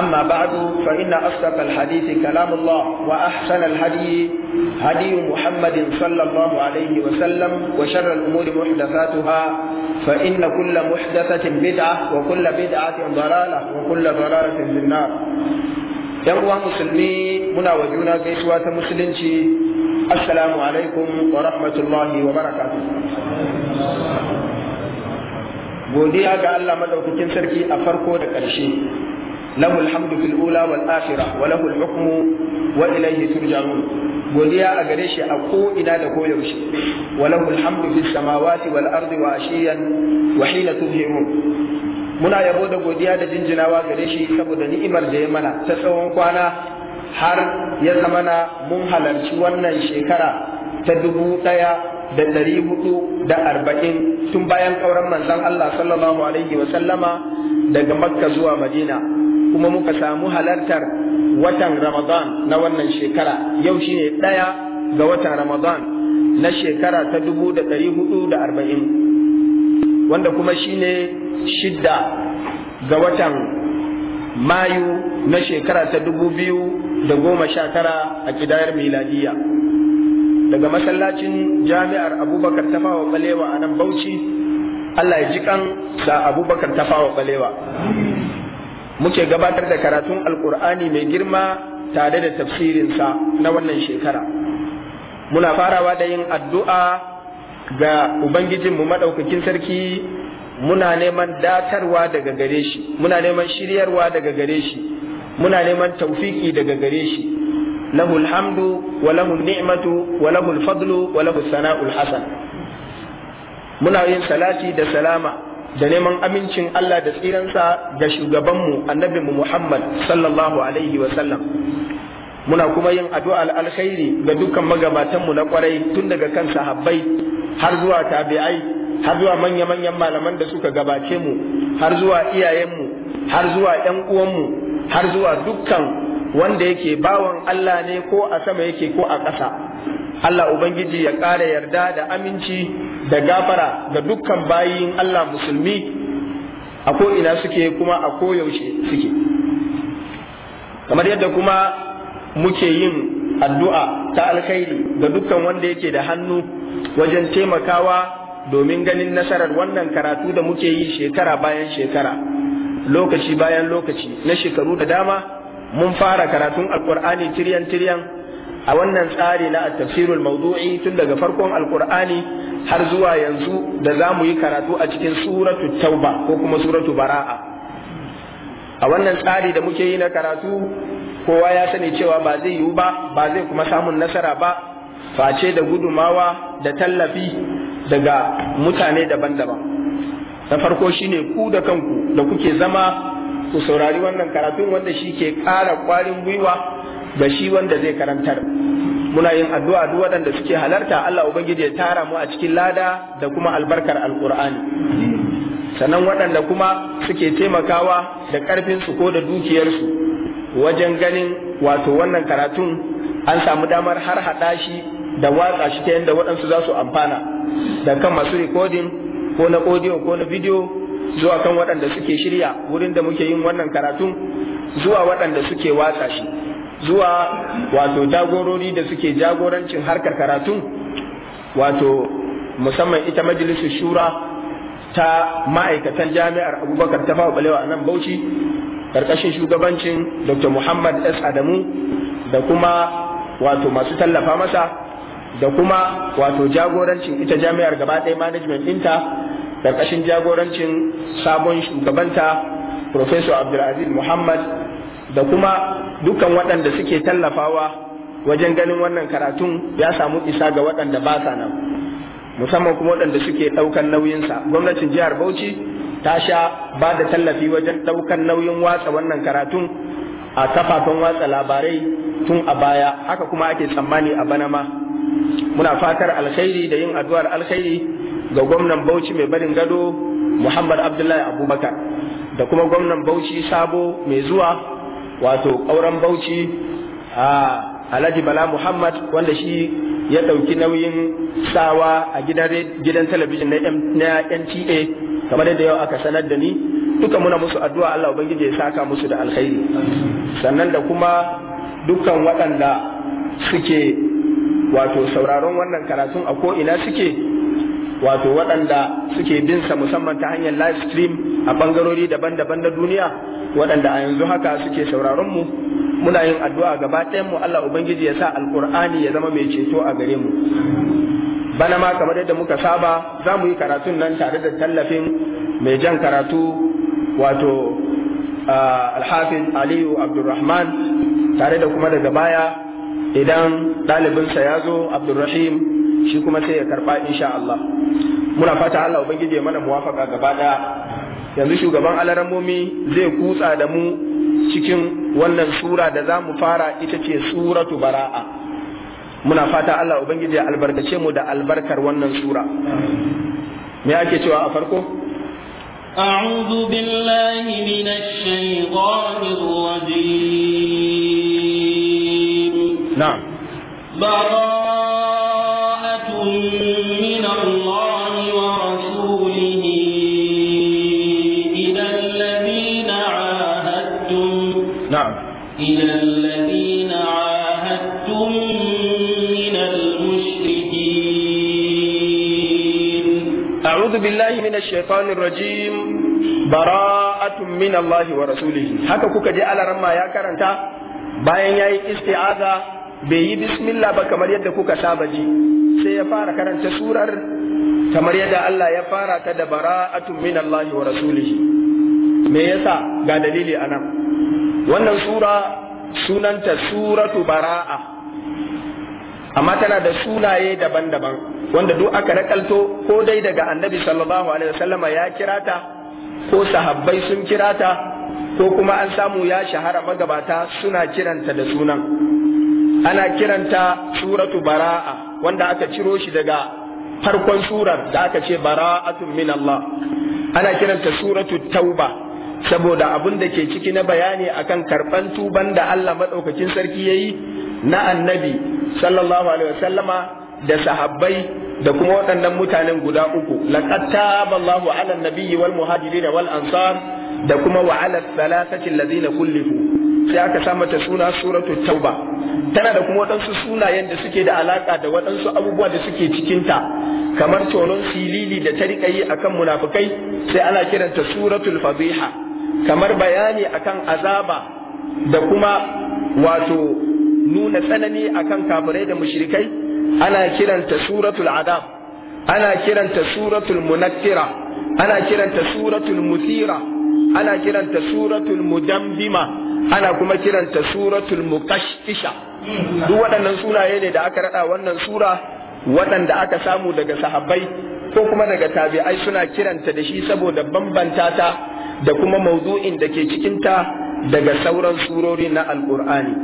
أما بعد فإن أصدق الحديث كلام الله وأحسن الهدي هدي محمد صلى الله عليه وسلم وشر الأمور محدثاتها فإن كل محدثة بدعة وكل بدعة ضلالة وكل ضلالة في النار ‘Yan uwa musulmi muna wa juna gaisuwa ta musulunci, Assalamu alaikum wa wa Godiya ga Allah madaukakin sarki a farko da ƙarshe. له الحمد في الأولى والآخرة وله الحكم وإليه ترجعون godiya a gare shi a ko ina da ko yaushe walahu alhamdu fis samawati wal ardi wa ashiyan wa hina tuzhirun muna yabo da godiya da jinjinawa gare shi saboda ni'imar da ya mana ta tsawon kwana har ya zamana mun halarci wannan shekara ta dubu ɗaya da ɗari hudu da arba'in tun bayan kauran manzon Allah sallallahu alaihi wa sallama daga Makka zuwa Madina kuma muka samu halartar watan Ramadan na wannan shekara yau shine ɗaya ga watan Ramadan na shekara ta dubu da ɗari hudu da arba'in wanda kuma shine shidda ga watan Mayu na shekara ta dubu biyu da goma sha tara a kidayar miladiyya. daga masallacin jami'ar abubakar tafawa balewa a nan bauchi allah ya ji kan da abubakar tafawa balewa muke gabatar da karatun alkur'ani mai girma tare da tafsirinsa na wannan shekara muna farawa da yin addu'a ga ubangijinmu maɗaukakin sarki muna neman datarwa daga gare shi muna neman shiryarwa daga gare shi muna neman tawfiki daga gare shi له الحمد wa lahu ni'matu wa وله alfadlu wa muna yin salati da salama da neman amincin Allah da tsiransa ga shugabanmu annabi Muhammad sallallahu alaihi wa sallam muna kuma yin addu'a alkhairi ga dukkan magabatanmu na kwarai tun daga kan sahabbai har zuwa tabi'ai har zuwa manya-manyan malaman da suka gabace mu har zuwa iyayenmu har zuwa 'yan uwanmu har zuwa dukkan wanda yake bawan Allah ne ko a sama yake ko a ƙasa Allah ubangiji ya ƙara yarda da aminci da gafara ga dukkan bayin Allah musulmi a ko'ina suke kuma a koyaushe suke kamar yadda kuma muke yin addu'a ta alkhairi ga dukkan wanda yake da hannu wajen taimakawa domin ganin nasarar wannan karatu da muke yi shekara bayan shekara lokaci bayan lokaci na shekaru da dama mun fara karatun alkur'ani tiryan tiryan a wannan tsari na tafsirul mawdu'i tun daga farkon alkur'ani har zuwa yanzu da za mu yi karatu a cikin suratu tauba ko kuma suratu bara'a a wannan tsari da muke yi na karatu kowa ya sani cewa ba zai yiwu ba ba zai kuma samun nasara ba face da gudumawa da tallafi daga mutane daban-daban na farko shine ku da kanku da kuke zama ku saurari wannan karatun wanda shi ke ƙara ƙwarin gwiwa da shi wanda zai karantar muna yin addu'a duk waɗanda suke halarta Allah ubangiji ya tara mu a cikin lada da kuma albarkar alqur'ani sannan waɗanda kuma suke taimakawa da ƙarfin su ko da dukiyarsu wajen ganin wato wannan karatun an samu damar har haɗa shi da watsa shi ta yadda waɗansu za su amfana da kan masu rikodin ko na audio ko na bidiyo zuwa kan waɗanda suke shirya wurin da muke yin wannan karatun zuwa waɗanda suke watsa shi zuwa wato jagorori da suke jagorancin harkar karatun wato musamman ita majalisar shura ta ma'aikatan jami'ar abubakar ta fawa balewa a nan bauchi ƙarƙashin shugabancin dr muhammad s adamu da kuma wato masu tallafa masa da kuma wato jagorancin ita jami'ar gaba ɗaya management ɗinta karkashin jagorancin sabon shugabanta Professor Abdulaziz Muhammad da kuma dukkan waɗanda suke tallafawa wajen ganin wannan karatun ya samu isa ga waɗanda ba sa nan musamman kuma waɗanda suke ɗaukan nauyinsa gwamnatin jihar Bauchi ta sha ba da tallafi wajen ɗaukan nauyin watsa wannan karatun a kafafen watsa labarai tun a baya haka kuma ake tsammani a bana ma muna fatar alkhairi da yin addu'ar alkhairi ga gwamnan Bauchi mai barin gado Muhammad Abdullahi Abubakar da kuma gwamnan Bauchi Sabo mai zuwa wato ƙauren Bauchi a Alhaji Bala Muhammad wanda shi ya ɗauki nauyin sawa a gidan talabijin na NTA kamar yadda yau aka sanar da ni duka muna musu addu'a Allah Ubangiji ya saka musu da alkhairi sannan da kuma dukkan waɗanda suke wato sauraron wannan karatun a ko ina suke wato waɗanda suke bin sa musamman ta hanyar live stream a bangarori daban-daban na duniya waɗanda a yanzu haka suke sauraron mu muna yin addu'a gaba ɗayan mu Allah ubangiji ya sa alkur'ani ya zama mai ceto a gare mu bana ma kamar yadda muka saba za mu yi karatun nan tare da tallafin mai jan karatu wato ah, alhafin aliyu abdulrahman tare da kuma daga baya idan ɗalibinsa ya zo abdulrahim shi kuma sai ya karba insha Allah muna fata Allah ubangije mana muwafaka gaba daya yanzu shugaban alarammomi zai kutsa da mu cikin wannan sura da zamu fara ita ce suratu bara'a muna fata Allah ubangije albarkace mu da albarkar wannan sura me ake cewa a farko أعوذ بالله من الشيطان الرجيم نعم براءة أعوذ بالله من الشيطان الرجيم براءة haka kuka je alaran ya karanta bayan yayi isti'aza bai yi bismillah ba kamar yadda kuka saba ji sai ya fara karanta surar kamar yadda Allah ya fara ta da bara'atun min Allah wa rasulihi me yasa ga dalili anan wannan sura sunanta suratu bara'a amma tana da sunaye daban-daban wanda duk aka nakalto ko dai daga annabi sallallahu alaihi wasallam ya kira ta ko sahabbai sun kira ta ko kuma an samu ya shahara magabata suna kiranta da sunan ana kiranta suratu bara'a wanda aka ciro shi daga farkon surar da aka ce bara'atun min Allah ana kiranta suratu tauba saboda abin da ke ciki na bayani akan karban tuban da Allah madaukakin sarki yayi na annabi sallallahu alaihi wasallama da sahabbai da kuma waɗannan mutanen guda uku laqad taballahu ala nabiyyi wal muhajirin wal ansar da kuma wa ala thalathati alladhina kullifu sai aka sa mata suna suratu tauba tana da kuma waɗansu sunayen da suke da alaka da waɗansu abubuwa da suke cikinta kamar tonon silili da ta riƙa yi akan munafukai sai ana kiranta suratul fadiha kamar bayani akan azaba da kuma wato nuna tsanani akan kafirai da mushrikai ana kiranta suratul adab ana kiranta suratul munakkira ana kiranta suratul musira ana kiranta suratul Mujambima, ana kuma kiranta suratul mukashtisha duk waɗannan sunaye ne da aka raɗa wannan sura waɗanda aka samu daga sahabbai ko kuma daga tabi'ai suna kiranta da shi saboda bambanta ta da kuma maudu'in da ke cikinta daga sauran surori na alƙur'ani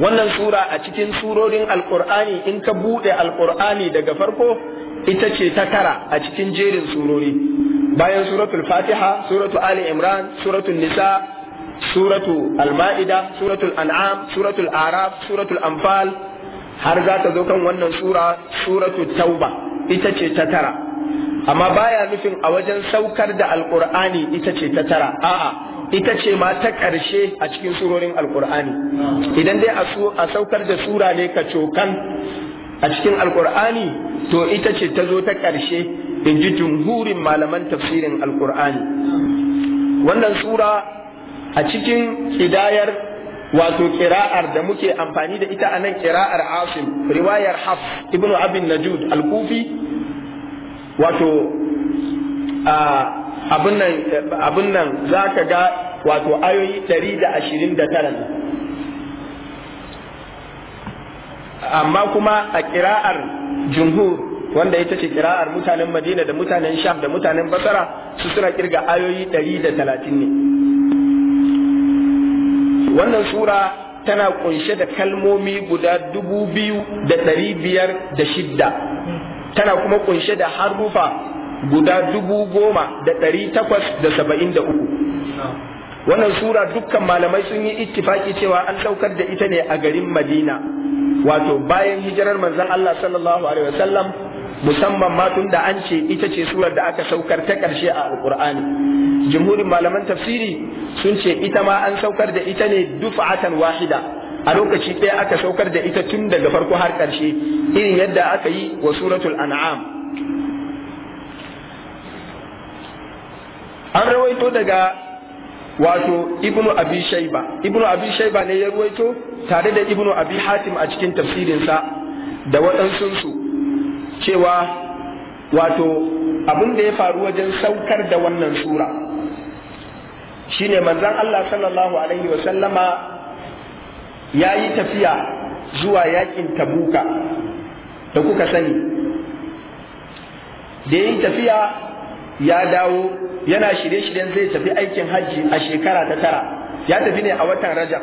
wannan sura a cikin surorin alkur'ani in ka buɗe alkur'ani daga farko ita ce ta tara a cikin jerin surori bayan suratul fatiha suratu ali imran suratul nisa suratu al-ma'ida suratul an'am suratul araf suratul anfal har za ta zo kan wannan sura suratu tauba ita ce ta tara amma baya nufin a wajen saukar da alkur'ani ita ce ta tara a'a ita ce ma ta ƙarshe a cikin surorin alkur'ani idan dai a saukar da sura ne ka cokan a cikin alkur'ani to ita ce ta zo ta ƙarshe in ji jumhurin malaman tafsirin alkur'ani wannan sura a cikin ƙidayar wato kira'ar da muke amfani da ita a nan kira'ar asim riwayar haf ibnu abin najud al wato abin nan za ka ga wato ayoyi 129 amma kuma a kira'ar jumhur wanda ita ce kira'ar mutanen madina da mutanen sham da mutanen basara su suna kirga ayoyi 130 ne wannan sura tana kunshe da kalmomi guda dubu biyu da ɗari biyar da shidda tana kuma kunshe da harufa guda dubu goma da ɗari takwas da saba'in da uku wannan sura dukkan malamai sun yi ittifaki cewa an saukar da ita ne a garin madina wato bayan hijirar manzon Allah sallallahu alaihi wasallam musamman ma tun da an ce ita ce surar da aka saukar ta ƙarshe a alƙur'ani jumhurin malaman tafsiri sun ce ita ma an saukar da ita ne dufa'atan wahida a lokaci ɗaya aka saukar da ita tun daga farko har ƙarshe irin yadda aka yi wa suratul an'am an rawaito daga wato ibnu abi shaiba ibnu abi shayba ne ya rawaito tare da ibnu abi hatim a cikin tafsirinsa da waɗansunsu cewa wato abin da ya faru wajen saukar da wannan sura shine manzon Allah sallallahu alaihi wa sallama ya tafiya zuwa yakin tabuka da kuka sani da yin tafiya ya dawo yana shirye-shiryen zai tafi aikin hajji a shekara ta tara ya tafi ne a watan rajab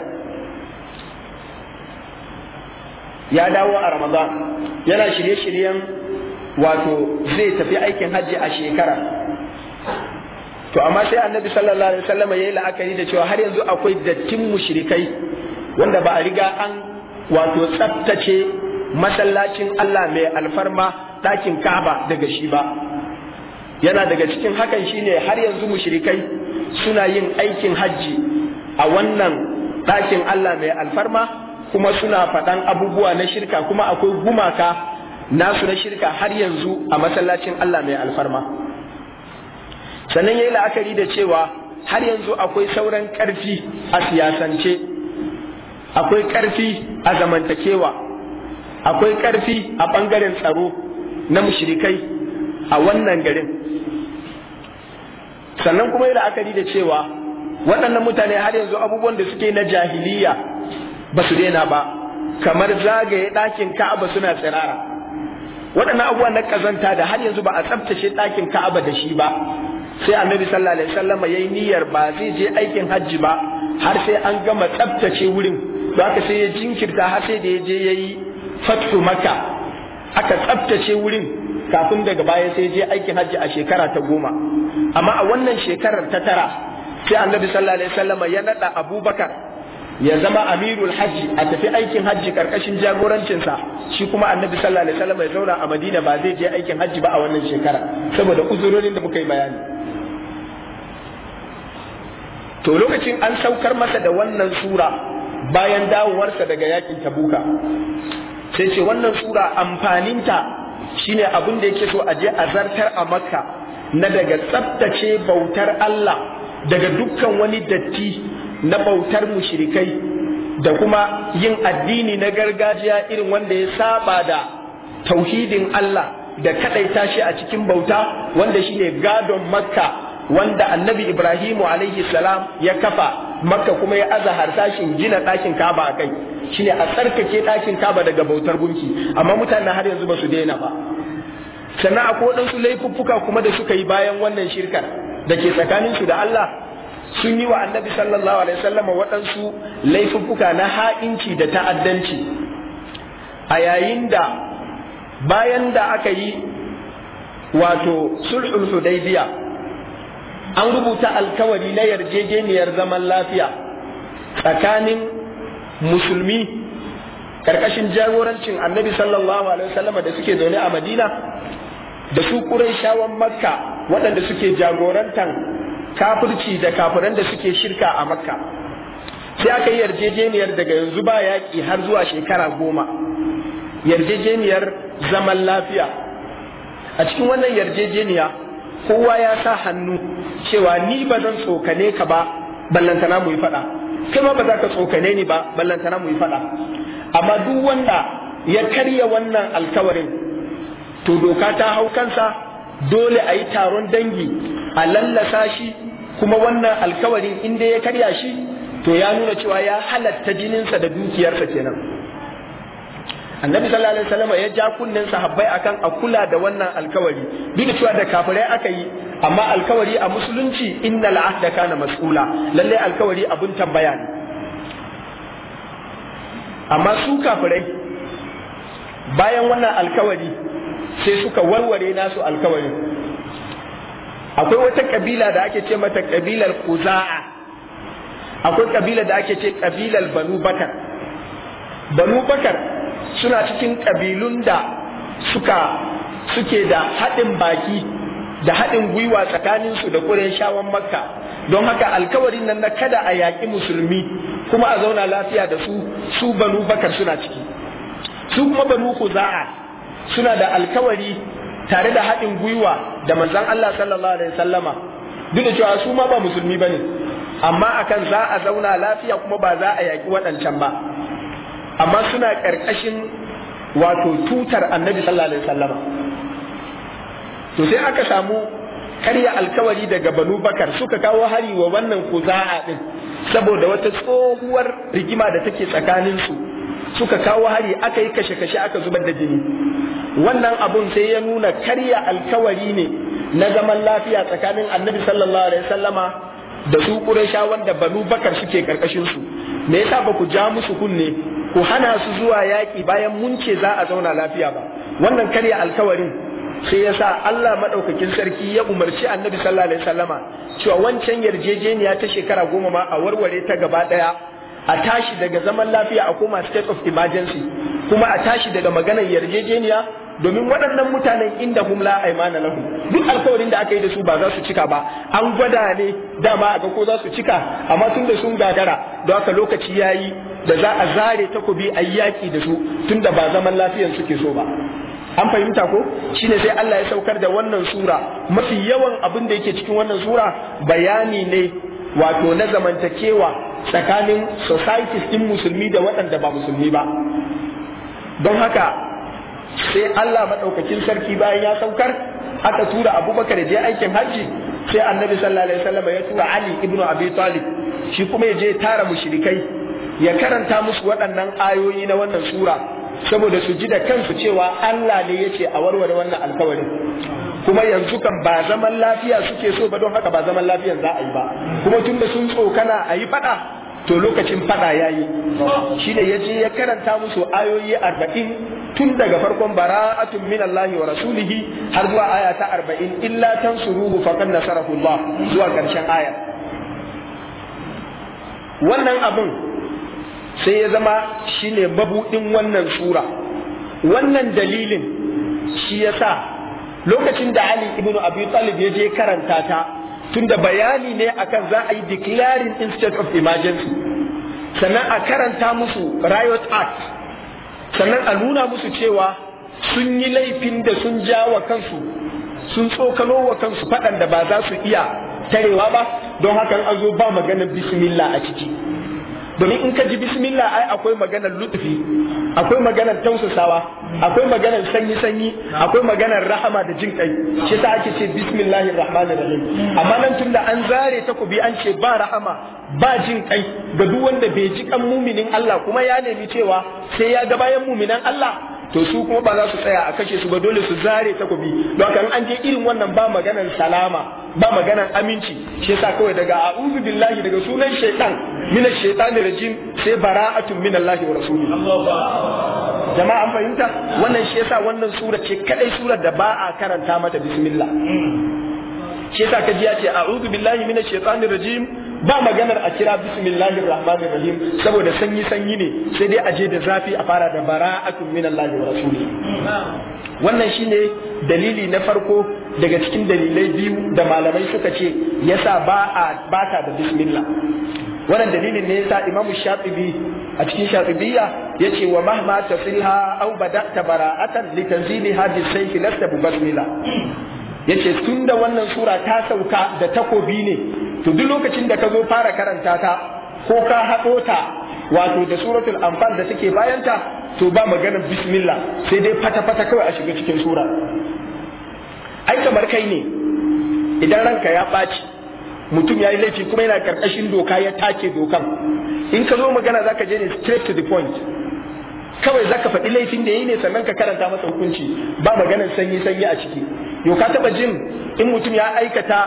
ya dawo a ramadan yana shirye-shiryen wato zai tafi aikin hajji a shekara to amma sai annabi sallallahu alaihi wasallam yayi la'akari da cewa har yanzu akwai dattin mushrikai wanda ba a riga an wato tsaftace masallacin Allah mai alfarma ɗakin Ka'aba daga shi ba yana daga cikin hakan shine har yanzu mushrikai suna yin aikin hajji a wannan ɗakin Allah mai alfarma kuma suna faɗan abubuwa na shirka kuma akwai gumaka nasu na shirka har yanzu a masallacin Allah mai alfarma sannan yayi la'akari da cewa har yanzu akwai sauran ƙarfi a siyasance akwai ƙarfi a zamantakewa akwai ƙarfi a ɓangaren tsaro na mushrikai a wannan garin sannan kuma yi la'akari da cewa waɗannan mutane har yanzu abubuwan da suke na jahiliya ba su daina ba kamar zagaye ɗakin ka'aba suna tsirara waɗannan abubuwan na ƙazanta da har yanzu ba a tsabtace ɗakin ka'aba da shi ba sai annabi sallallahu alaihi wasallam yayi niyyar ba zai je aikin hajji ba har sai an gama tsabtace wurin don haka sai ya jinkirta har sai da ya je yayi fatu maka aka tsabtace wurin kafin daga baya sai je aikin hajji a shekara ta goma amma a wannan shekarar ta tara sai annabi sallallahu alaihi wasallam ya nada abubakar ya zama amirul hajji a tafi aikin hajji karkashin jagorancinsa shi kuma annabi sallallahu alaihi wasallam ya zauna a madina ba zai je aikin hajji ba a wannan shekara saboda uzurorin da muka yi bayani to lokacin an saukar masa da wannan sura bayan dawowarsa daga yakin tabuka sai ce wannan sura amfaninta shine abin da yake so a je a zartar a makka na daga tsabtace bautar Allah daga dukkan wani datti na bautar mushrikai da kuma yin addini na gargajiya irin wanda ya saba da tauhidin Allah da kadaita shi a cikin bauta wanda shine gadon makka wanda annabi ibrahimu alaihi salam ya kafa makka kuma ya aza harsashin gina ɗakin kaba a kai shine a tsarkake ɗakin kaba daga bautar gunki amma mutanen har yanzu ba su daina ba sannan akwai waɗansu laifuffuka kuma da suka yi bayan wannan shirkar da ke tsakaninsu da Allah sun yi wa annabi sallallahu alaihi wasallama waɗansu laifuffuka na ha'inci da ta'addanci a yayin da bayan da aka yi wato sulhul hudaybiya an rubuta alkawari na yarjejeniyar zaman lafiya tsakanin musulmi ƙarƙashin jagorancin annabi sallallahu alaihi wasallama da suke zaune a madina da su ƙuraishawan makka waɗanda suke jagorantar kafirci da kafiran da suke shirka a makka sai aka yi yarjejeniyar daga yanzu ba yaƙi har zuwa shekara goma yarjejeniyar zaman lafiya a cikin wannan yarjejeniya kowa ya sa hannu cewa ni ba zan tsokane ka ba ballantana mu yi faɗa kai ma ba za ka tsokane ni ba ballantana mu yi faɗa amma duk wanda ya karya wannan alkawarin to doka ta hau kansa dole a yi taron dangi a lallasa shi kuma wannan alkawarin inda ya karya shi to ya nuna cewa ya halatta jininsa da dukiyarsa kenan annabi sallallahu alaihi wasallam ya ja kunnen sahabbai akan a kula da wannan alkawari duk cewa da kafirai aka yi amma alkawari a musulunci innal ahda kana mas'ula lalle alkawari abun tambaya ne amma su kafirai bayan wannan alkawari sai suka warware nasu alkawari akwai wata kabila da ake ce mata kabilar kuza'a akwai kabila da ake ce kabilar banu bakar banu bakar suna cikin kabilun da suka suke da haɗin baki da haɗin gwiwa tsakaninsu da shawan makka don haka alkawarin nan na kada a yaƙi musulmi kuma a zauna lafiya da su su banu bakar suna ciki su kuma banu za'a suna da alkawari tare da haɗin gwiwa da manzon Allah sallallahu alaihi wasallama duk da cewa su ma ba musulmi bane amma akan za a zauna lafiya kuma ba za a yaƙi waɗancan ba amma suna ƙarƙashin wato tutar annabi sallallahu alaihi wasallama to sai aka samu karya alkawari daga banu bakar suka kawo hari wa wannan kuza'a din saboda wata tsohuwar rigima da take tsakaninsu suka kawo hari aka yi kashe-kashe aka zubar da jini wannan abun sai ya nuna karya alkawari ne na zaman lafiya tsakanin annabi sallallahu alaihi sallama da su ƙuraisha wanda banu bakar suke karkashin su me yasa ba ku ja musu kunne ku hana su zuwa yaƙi bayan mun ce za a zauna lafiya ba wannan karya alkawarin sai ya sa Allah maɗaukakin sarki ya umarci annabi sallallahu alaihi sallama cewa wancan yarjejeniya ta shekara goma ma a warware ta gaba ɗaya a tashi daga zaman lafiya a koma state of emergency kuma a tashi daga maganar yarjejeniya domin waɗannan mutanen inda hum la aymana lahum duk alkawarin da aka yi da su ba za su cika ba an gwada ne dama a ga ko za su cika amma tun da sun gagara don haka lokaci yayi da za a zare takobi a yaki da su tun da ba zaman lafiyan suke so ba an fahimta ko shine sai Allah ya saukar da wannan sura mafi yawan abin da yake cikin wannan sura bayani ne wato na zamantakewa tsakanin societies din musulmi da waɗanda ba musulmi ba don haka sai Allah maɗaukakin sarki bayan ya saukar aka tura abubakar je aikin hajji sai annabi sallallahu alaihi wasallam ya tura ali ibnu abi talib shi kuma ya je tara mushrikai ya karanta musu waɗannan ayoyi na wannan sura saboda su ji da kansu cewa Allah ne yace a warware wannan alkawari kuma yanzu kan ba zaman lafiya suke so ba don haka ba zaman lafiyan za a yi ba kuma tunda sun tsokana a yi fada to lokacin fada yi. shi ne ya je ya karanta musu ayoyi arba'in tun daga farkon bara'atun min Allah wa rasulihi har zuwa aya ta arba'in illa tansuruhu faqad nasarahu Allah zuwa karshen aya wannan abin sai ya zama shi ne mabuɗin wannan sura wannan dalilin shi ya sa lokacin da Ali ibn Abi Talib ya je karanta ta tunda bayani ne akan za a yi declaring instead of emergency sannan a karanta musu riot act sannan a nuna musu cewa sun yi laifin da sun ja wa kansu sun tsokano wa kansu faɗan da ba za su iya tarewa ba don hakan an zo ba maganar bismillah a ciki domin in ka ji bismillah ai akwai maganar lutfi akwai maganar tausasawa akwai maganar sanyi sanyi akwai maganar rahama da jin kai shi yasa ake ce bismillahir rahmanir rahim amma nan tunda an zare takobi an ce ba rahama ba jin kai ga duk wanda bai ji kan muminin Allah kuma ya nemi cewa sai ya ga bayan muminan Allah to su kuma ba za su tsaya a kashe su ba dole su zare takobi don kan an je irin wannan ba maganar salama ba maganar aminci shi yasa kawai daga a'udhu billahi daga sunan shaitan min ash-shaytanir rajim sai bara'atun min Allah wa rasulihi jama'a an fahimta wannan shi yasa wannan sura ce kadai surar da ba a karanta mata bismillah shi yasa ji ya ce a'udhu billahi minash shaitanir rajim ba maganar a kira bismillahir rahmanir rahim saboda sanyi sanyi ne sai dai aje da zafi a fara da bara'atun minallahi wa rasuli wannan shine dalili na farko daga cikin dalilai biyu da malamai suka ce yasa ba a bata da bismillah wannan dalilin ne yasa imamu shatibi a cikin ya yace wa mahma tasilha aw bada'ta bara'atan li tanzili hadhihi sayfi lasta basmila yace da wannan sura ta sauka da takobi ne to duk lokacin da ka zo fara karanta ta ko ka haɗo ta wato da suratul anfal da take bayanta to ba maganar bismillah sai dai fata fata kawai a shiga cikin sura ai kamar kai ne idan ranka ya ɓaci mutum ya yi laifi kuma yana karkashin doka ya take dokan in ka zo magana zaka je ne straight to the point kawai zaka faɗi laifin da yi ne sannan ka karanta masa hukunci ba maganar sanyi sanyi a ciki yau ka taba jin in mutum ya aikata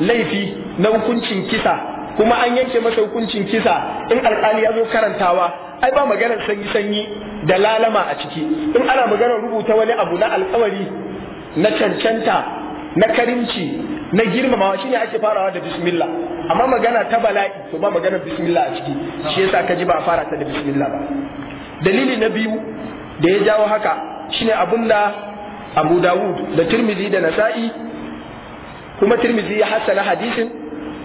laifi na hukuncin kisa kuma an yanke masa hukuncin kisa in alƙali ya zo karantawa ai ba maganar sanyi sanyi da lalama a ciki in ana maganar rubuta wani abu na alƙawari na cancanta na karimci na girmamawa shine ake farawa da bismillah amma magana ta bala'i to ba magana bismillah a ciki shi yasa ka ji ba fara ta da bismillah ba dalili na biyu da ya jawo haka shine abun da Abu Dawud da Tirmidhi da Nasa'i kuma Tirmidhi ya hassana hadisin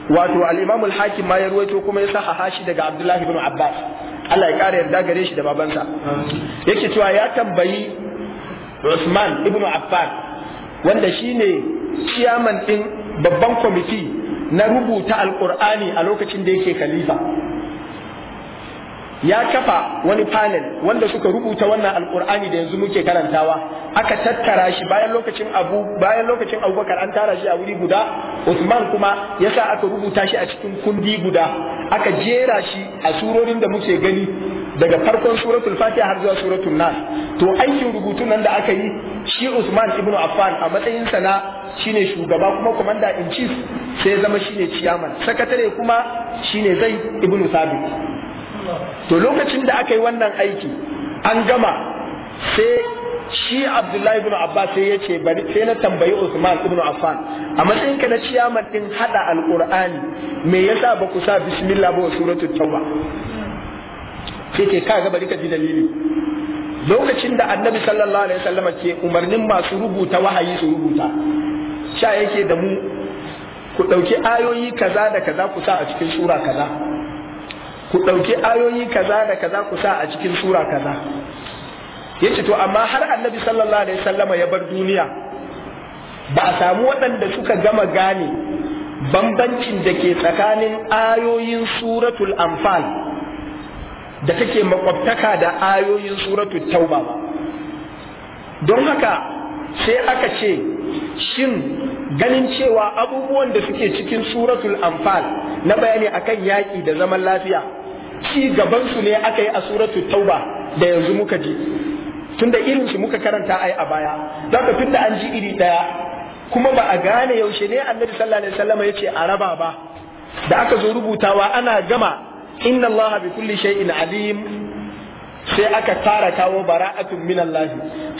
wato al-Imam hakim ma ya ruwaito kuma ya sahaha shi daga Abdullah ibn Abbas Allah ya kare yarda gare shi da babansa yake cewa ya tambayi Usman ibn Abbas. wanda shi ne ciyaman din babban kwamiti na rubuta alkur'ani a lokacin da yake khalifa ya kafa wani panel wanda suka rubuta wannan alkur'ani da yanzu muke karantawa aka tattara shi bayan lokacin abu bayan lokacin abubakar an tara shi a wuri guda usman kuma yasa aka rubuta shi a cikin kundi guda aka jera shi a surorin da muke gani daga farkon suratul fatiha har zuwa suratul nas to aikin rubutun nan da aka yi shi Usman ibnu Affan a matsayin sa na shine shugaba kuma commander in chief sai ya zama shine chairman sakatare kuma shine zai ibn Sabit to lokacin da aka yi wannan aiki an gama sai shi Abdullahi ibnu Abbas sai ya ce bari sai na tambayi Usman ibnu Affan a matsayin ka na chairman din hada alqur'ani me yasa ba ku sa bismillah ba suratul tauba sai ce kaga bari ka ji dalili lokacin da annabi sallallahu alaihi wasallam ke umarnin masu rubuta wahayi su rubuta sha yake da mu ku ɗauki ayoyi kaza da kaza ku sa a cikin sura kaza ku ɗauki ayoyi kaza da kaza ku sa a cikin sura kaza yace to amma har annabi sallallahu alaihi wasallam ya bar duniya ba a samu waɗanda suka gama gane bambancin da ke tsakanin ayoyin suratul anfal da take makwabtaka da ayoyin suratul tauba ba don haka sai aka ce shin ganin cewa abubuwan da suke cikin suratul anfal na bayani akan yaƙi da zaman lafiya ci gabansu ne aka yi a suratul tauba da yanzu muka ji tunda su muka karanta ai a baya za ka an ji iri ɗaya kuma ba a gane yaushe ne annabi sallallahu alaihi wasallam ya ce a raba ba da aka zo rubutawa ana gama inna Allah bi kulli shay'in alim sai aka tara kawo bara'atun min Allah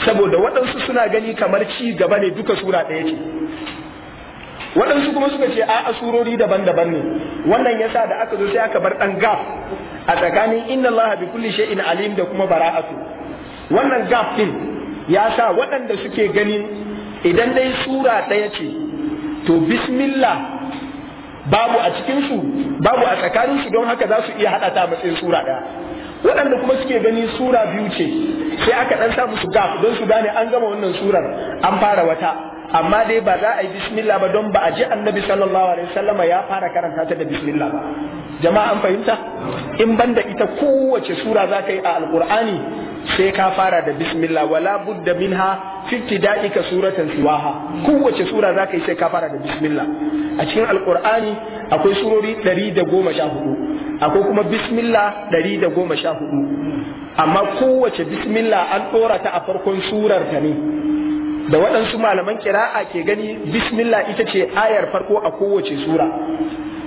saboda waɗansu suna gani kamar ci gaba ne duka sura ɗaya ce waɗansu kuma suka ce a'a surori daban-daban ne wannan yasa da aka zo sai aka bar ɗan gaf a tsakanin inna Allah bi kulli shay'in alim da kuma bara'atu wannan gaf din ya sa waɗanda suke ganin idan dai sura ɗaya ce to bismillah babu a cikin su babu a tsakaninsu don haka za su iya hada ta matsayin sura ɗaya. waɗanda kuma suke gani sura biyu ce sai aka ɗan sa musu gaf don su gane an gama wannan surar an fara wata amma dai ba za a yi bismillah ba don ba a ji annabi sallallahu alaihi wasallama ya fara karanta ta da bismillah ba jama'a an fahimta in banda ita kowace sura za ka yi a Alkur'ani sai ka fara da bismillah wala budda minha fittida'ika suratan siwaha kowace sura za ka yi sai ka fara da bismillah a cikin Alkur'ani akwai surori 114 akwai kuma bismillah 114 amma kowace bismillah an dora ta a farkon surar ta ne da waɗansu malaman kira'a ke gani bismillah ita ce ayar farko a kowace sura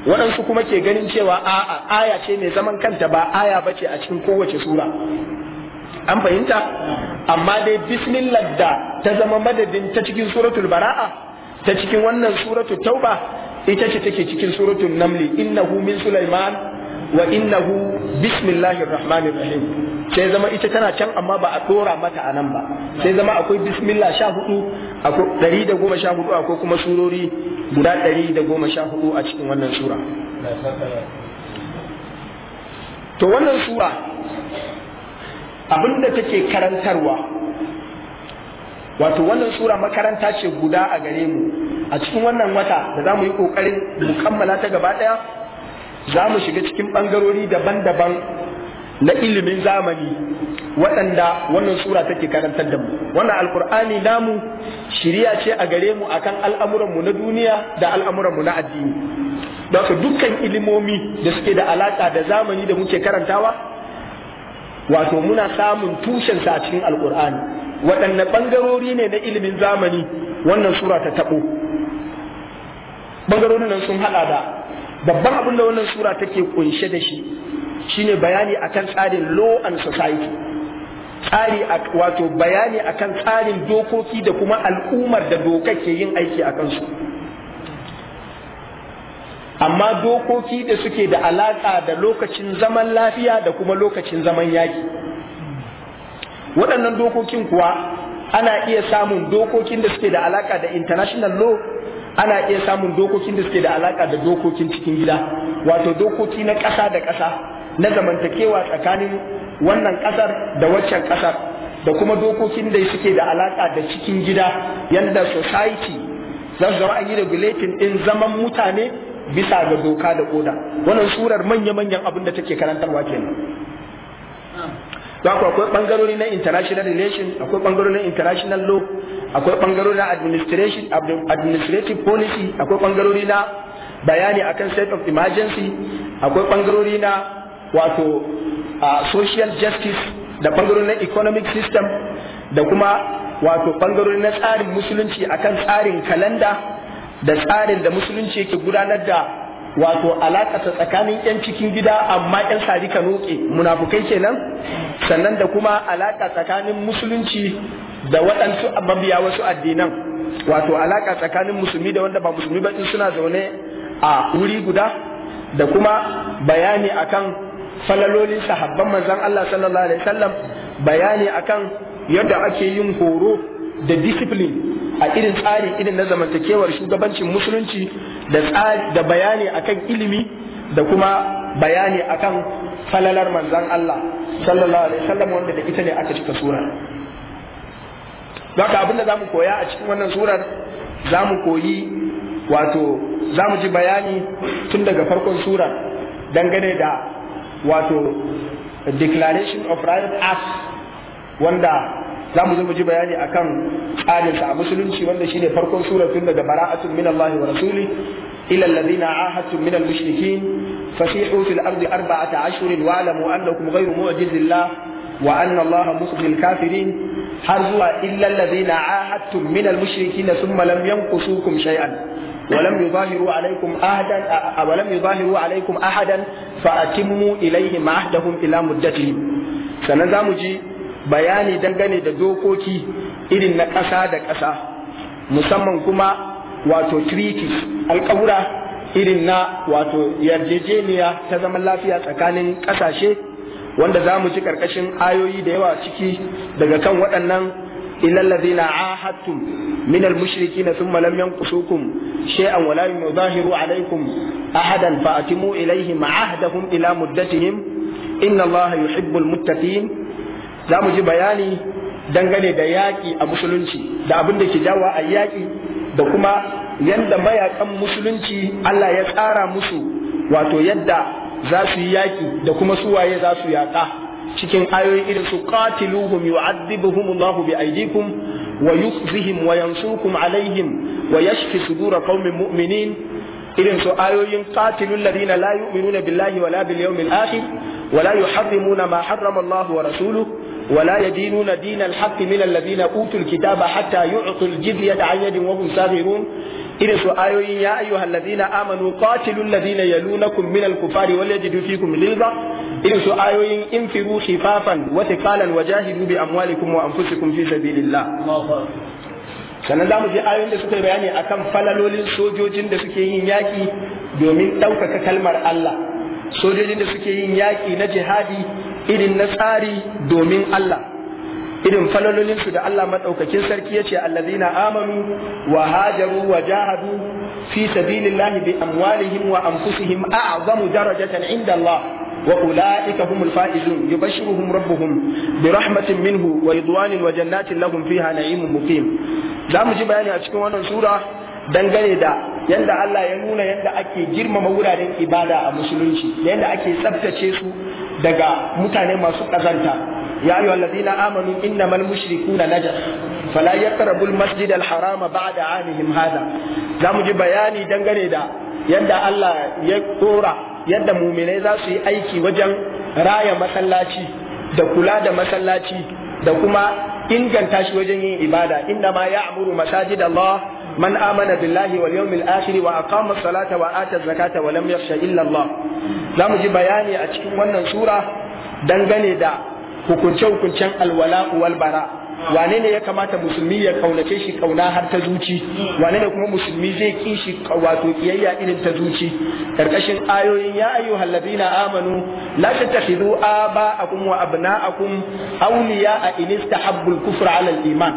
waɗansu kuma ke ganin cewa a'a aya ce mai zaman kanta ba aya ba ce a cikin kowace sura an fahimta amma dai bismillah da ta zama madadin ta cikin suratul bara'a ta cikin wannan suratul tauba ita ce take cikin suratul namli innahu min sulaiman wa innahu bismillahir rahmanir rahim sai zama ita tana can amma ba a dora mata a nan ba sai zama akwai bismillah sha hudu akwai ɗari da goma sha hudu akwai kuma surori guda ɗari da goma sha hudu a cikin wannan sura to wannan sura da take karantarwa wato wannan sura makaranta ce guda a gare mu a cikin wannan wata da za mu yi ƙoƙarin mu kammala ta gaba ɗaya za mu shiga cikin ɓangarori daban-daban na ilimin zamani waɗanda wannan sura take karantar da mu wannan alkur'ani namu shirya ce a gare mu akan al'amuranmu na duniya da al'amuranmu na addini don dukkan ilimomi da suke da alaka da zamani da muke karantawa wato muna samun tushensa a cikin alkur'ani waɗanne ɓangarori ne na ilimin zamani wannan sura ta taɓo ɓangarorin nan sun haɗa da babban abin da wannan sura take kunshe da shi shine bayani akan tsarin law and society tsari wato bayani akan tsarin dokoki da kuma al'ummar da doka ke yin aiki a kansu amma dokoki da suke da alaƙa da lokacin zaman lafiya da kuma lokacin zaman yaki waɗannan dokokin kuwa ana iya samun dokokin da suke da alaƙa da international law ana iya samun dokokin da suke da alaƙa da dokokin cikin gida wato dokoki na ƙasa da ƙasa na zamantakewa tsakanin wannan ƙasar da waccan ƙasar da kuma dokokin da suke da alaƙa da cikin gida yadda society za zama an yi regulating ɗin zaman mutane bisa ga doka da koda wannan surar manya-manyan abin da take karantarwa kenan ku akwai bangarori na international relations, akwai bangarori na international law, akwai bangarori na administrative policy, akwai bangarori na bayani akan state of emergency, akwai bangarori na wato a social justice da ɓangarorin economic system da kuma wato ɓangarorin na tsarin musulunci akan tsarin kalanda da tsarin da musulunci yake gudanar da wato alakata tsakanin 'yan cikin gida amma 'yan ka roƙe munafukai kenan sannan da kuma alaka tsakanin musulunci da waɗansu mabiya wasu addinan wato alaka tsakanin musulmi da wanda ba musulmi ba suna zaune a wuri guda da kuma bayani akan falalolin sahabban manzan Allah sallallahu alaihi wasallam bayani akan yadda ake yin horo da discipline a irin tsari irin na zamantakewar shugabancin musulunci da tsari da bayani akan ilimi da kuma bayani akan falalar manzon Allah sallallahu alaihi wasallam wanda da ita ne aka cika sura Zaka abin da za koya a cikin wannan surar za koyi wato za mu ji bayani tun daga farkon sura dangane da wato declaration of rights act wanda zamu zo mu ji bayani akan tsarin a musulunci wanda shine farkon suratun daga bara'atu min Allah wa rasuli ila alladhina ahadtu min al-mushrikeen fasihu fil ardi arba'ata ashhurin wa alamu annakum ghayru mu'jizillah wa anna Allah mukhzil kafirin har zuwa illa alladhina ahadtu min al-mushrikeen thumma lam yanqusukum shay'an ولم يظاهروا عليكم أحدا ولم يظاهروا عليكم أحدا فأتموا إليهم عهدهم إلى مدتهم سنزامجي bayani dangane da dokoki irin na ƙasa da ƙasa musamman kuma wato treaties alƙawura irin na wato yarjejeniya ta zaman lafiya tsakanin ƙasashe wanda za mu ji ƙarƙashin ayoyi da yawa ciki daga kan waɗannan إلا الذين عاهدتم من المشركين ثم لم ينقصوكم شيئا ولا يظاهروا عليكم أحدا فأتموا إليهم عهدهم إلى مدتهم إن الله يحب المتقين za mu ji bayani dangane da yaƙi a musulunci da abin da ke jawo a yaƙi da kuma yadda mayakan musulunci Allah ya tsara musu wato yadda za su yi yaƙi da kuma suwaye za su yaƙa cikin ayoyi irin su qatiluhum yu'adhibuhum Allah bi aydikum wa yukhzihim wa yansukum alaihim wa yashfi sudur qaumin mu'minin irin su ayoyin qatilul ladina la yu'minuna billahi wala bil yawmil akhir wala yuharrimuna ma harrama Allah wa rasuluhu ولا يدينون دين الحق من الذين أوتوا الكتاب حتى يعطوا الجزية عن يد وهم صاغرون إذا سؤال يا amanu الذين آمنوا قاتلوا الذين يلونكم من الكفار وليجدوا فيكم غلظة irin su ayoyin infiru khifafan wa thiqalan wa jahidu bi amwalikum wa anfusikum fi sabilillah sannan za mu je ayoyin da suka yi bayani akan falalolin sojojin da suke yin yaki domin ɗaukaka kalmar Allah sojojin da suke yin yaki na jihadi irin na tsari domin Allah irin falalolinsu da Allah maɗaukakin sarki ya ce allazina amanu wa hajaru wa jahadu fi sabilillahi bi amwalihim wa anfusihim a'zamu darajatan inda Allah وأولئك هم الفائزون يبشرهم ربهم برحمة منه ورضوان وجنات لهم فيها نعيم مقيم لا مجيب يعني cikin wannan سورة dangane da yadda Allah ya nuna yadda ake girmama wuraren ibada a musulunci da yadda ake tsabtace su daga mutane masu ƙazanta ya ayyuha allazina amanu innamal mushrikuna najas fala yaqrabu almasjid alharama ba'da amihim Za zamu ji bayani dangane da yadda Allah ya tsora yadda muminai za su yi aiki wajen raya masallaci da kula da masallaci da kuma inganta shi wajen yin ibada inda ma ya amuru masajid Allah man amana billahi wal yawmil akhir wa aqama salata wa ata zakata wa lam yakhsha illa Allah zamu ji bayani a cikin wannan sura dangane da hukunce hukuncen alwala wal bara wane ne ya kamata musulmi ya kaunace shi kauna har ta zuci wane ne kuma musulmi zai ki shi wato kiyayya irin ta zuci karkashin ayoyin ya ayyu halladina amanu la tattakhidhu aba'akum wa abna'akum awliya'a in istahabbu al-kufra 'ala iman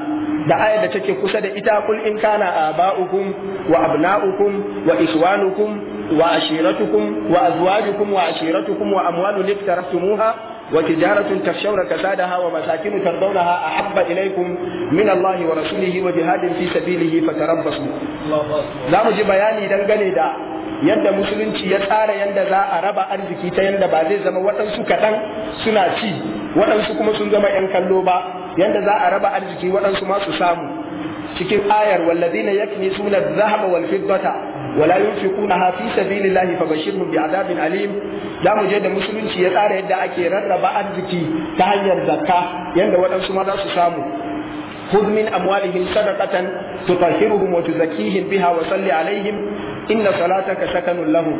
da ayar da take kusa da ita kul in kana aba'ukum wa abna'ukum wa iswanukum wa ashiratukum wa azwajukum wa ashiratukum wa amwalun iktaraftumuha وتجارة تخشون كسادها ومساكن ترضونها أحب إليكم من الله ورسوله وجهاد في سبيله فتربصوا لا مجي بياني دنغني دا yadda musulunci ya tsara yadda za a raba arziki ta yadda ba zai zama waɗansu kaɗan suna ci waɗansu kuma sun zama 'yan kallo ba yadda za a raba arziki waɗansu ma su samu cikin ayar wallazina suna zahaba wal fiddata wala yunfiqunaha fi sabilillahi fabashirhum bi'adabin alim Za mu je da musulunci ya tsara yadda ake rarraba arziki ta hanyar zakka yanda waɗansu ma za su samu خذ من أموالهم صدقة تطهرهم وتزكيهم wasalli alaihim. عليهم إن صلاتك سكن لهم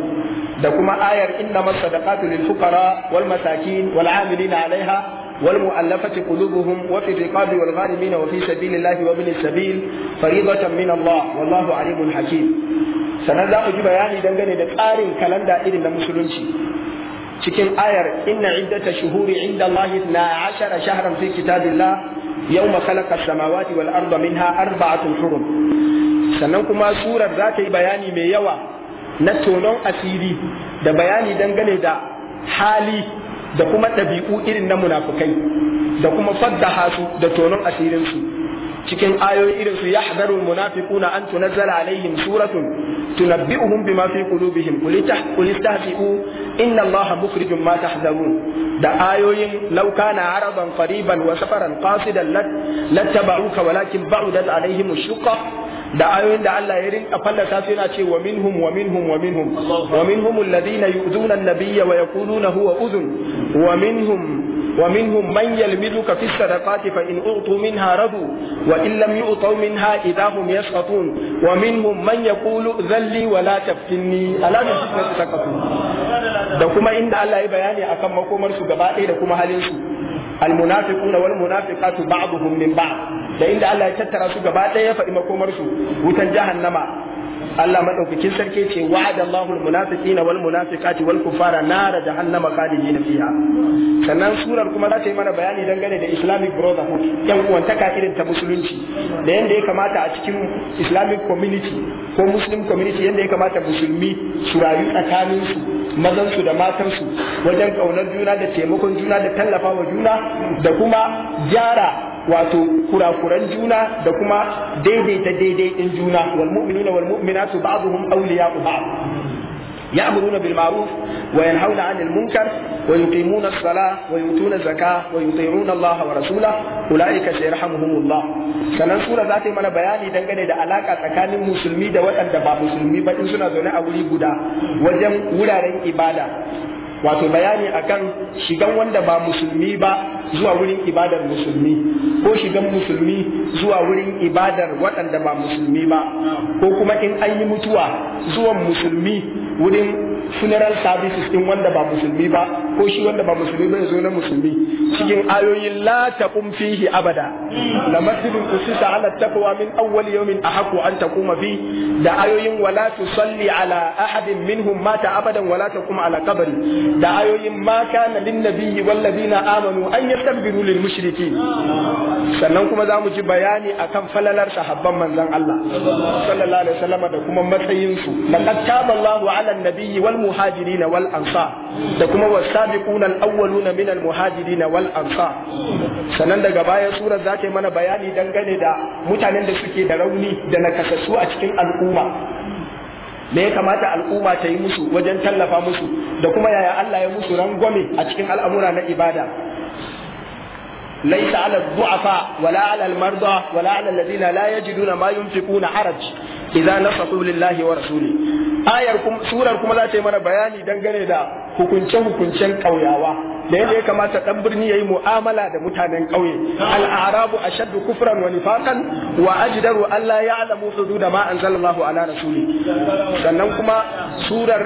da kuma ayar innama sadaqatu lil fuqara wal masakin wal amilina alaiha wal mu'allafati qulubuhum wa fi riqabi wal gharimin wa fi sabilillahi wa bil sabil fariidatan min Allah wallahu alimul hakim sannan za ku ji bayani dangane da tsarin kalanda irin na musulunci cikin ayar inna iddata shuhuri inda Allah na ashara shahran fi kitabillah yawma khalaqa samawati wal arda minha arba'atun hurum sannan kuma surar za ta yi bayani mai yawa na tonon asiri da bayani dangane da hali da kuma ɗabi'u irin na munafukai da kuma fadda su da tonon asirin su. cikin ayoyi irin su yahdaru almunafiquna an tunazzala alaihim suratun tunabbi'uhum bima fi qulubihim qul istahzi'u inna allaha mukhrijum ma tahzarun da ayoyin law kana araban qariban wa safaran qasidan lattaba'uka walakin ba'udat alaihim ash da ayoyin da Allah ya rinka fallasa su yana ce wa minhum wa minhum wa minhum wa minhum alladhina yu'duna an-nabiyya wa yaquluna huwa udhun wa minhum ومنهم من يلمزك في الصدقات فإن أعطوا منها رضوا وإن لم يعطوا منها إذا هم يسقطون ومنهم من يقول ذلي ولا تفتني ألا تفتن تسقطون da kuma inda Allah ya bayani akan makomar su gaba ɗaya da kuma halin su almunafiquna wal munafiqatu ba'dhum min ba'd da inda Allah ya tattara su gaba ɗaya ya faɗi makomar su wutan jahannama Allah madaukakin sarki ce wa'adallahu munafiqin wal munafiqati wal kufara nara jahannama khalidina fiha sannan surar kuma za ta yi mana bayani dangane da Islamic Brotherhood yan uwantaka irin ta musulunci da yanda ya kamata a cikin Islamic community ko Muslim community yanda ya kamata musulmi su rayu tsakanin su mazan su da matan su wajen kaunar juna da taimakon juna da tallafawa juna da kuma gyara wato kurakuran juna da kuma daidaita daidai din juna wal mu'minuna wal mu'minatu ba'dhum awliya'u ba'd ya'muruna bil ma'ruf wa yanhauna 'anil munkar wa yuqimuna as الصلاة wa yutuna ويطيعون wa yuti'una Allah wa rasulahu sannan sura sanan sura zata mana bayani dangane da alaka tsakanin musulmi da wadanda ba musulmi ba in suna zaune a wuri guda wajen wuraren ibada wato bayani akan shigan wanda ba musulmi ba zuwa wurin ibadar musulmi ko shigan musulmi zuwa wurin ibadar waɗanda ba musulmi ba ko kuma in an yi mutuwa zuwan musulmi wurin funeral services din wanda ba musulmi ba ko shi wanda ba musulmi ba ya zo na musulmi cikin ayoyin la taqum fihi abada la masjidun usisa ala taqwa min awwal yawmin ahaqu an taquma fi da ayoyin wala tusalli ala ahadin minhum mata abadan wala taqum ala qabri da ayoyin ma kana lin nabiyyi wal ladina amanu an yastaghfiru lil mushriki sannan kuma za mu ji bayani akan falalar sahabban manzon Allah sallallahu alaihi wasallam da kuma matsayin su laqad taballahu ala nabiyyi wal muhajirin wal ansar da kuma wasabiquna al awwaluna min al muhajirin wal ansar sanan daga baya sura za ta mana bayani dangane da mutanen da suke da rauni da nakasassu a cikin al'umma me ya kamata al'umma ta yi musu wajen tallafa musu da kuma yaya Allah ya musu rangwame a cikin al'amura na ibada ليس على wala ولا على المرضى ولا على الذين لا يجدون Iza ينفقون حرج إذا نصحوا لله ورسوله ayar surar kuma za ta yi mana bayani dangane da hukunce-hukuncen ƙauyawa da yadda ya kamata ɗan birni ya yi mu'amala da mutanen ƙauye al'arabu a ashaddu kufran wa nifaqan wa ajdaru alla ya'lamu hududa ma anzalallahu ala rasuli sannan kuma surar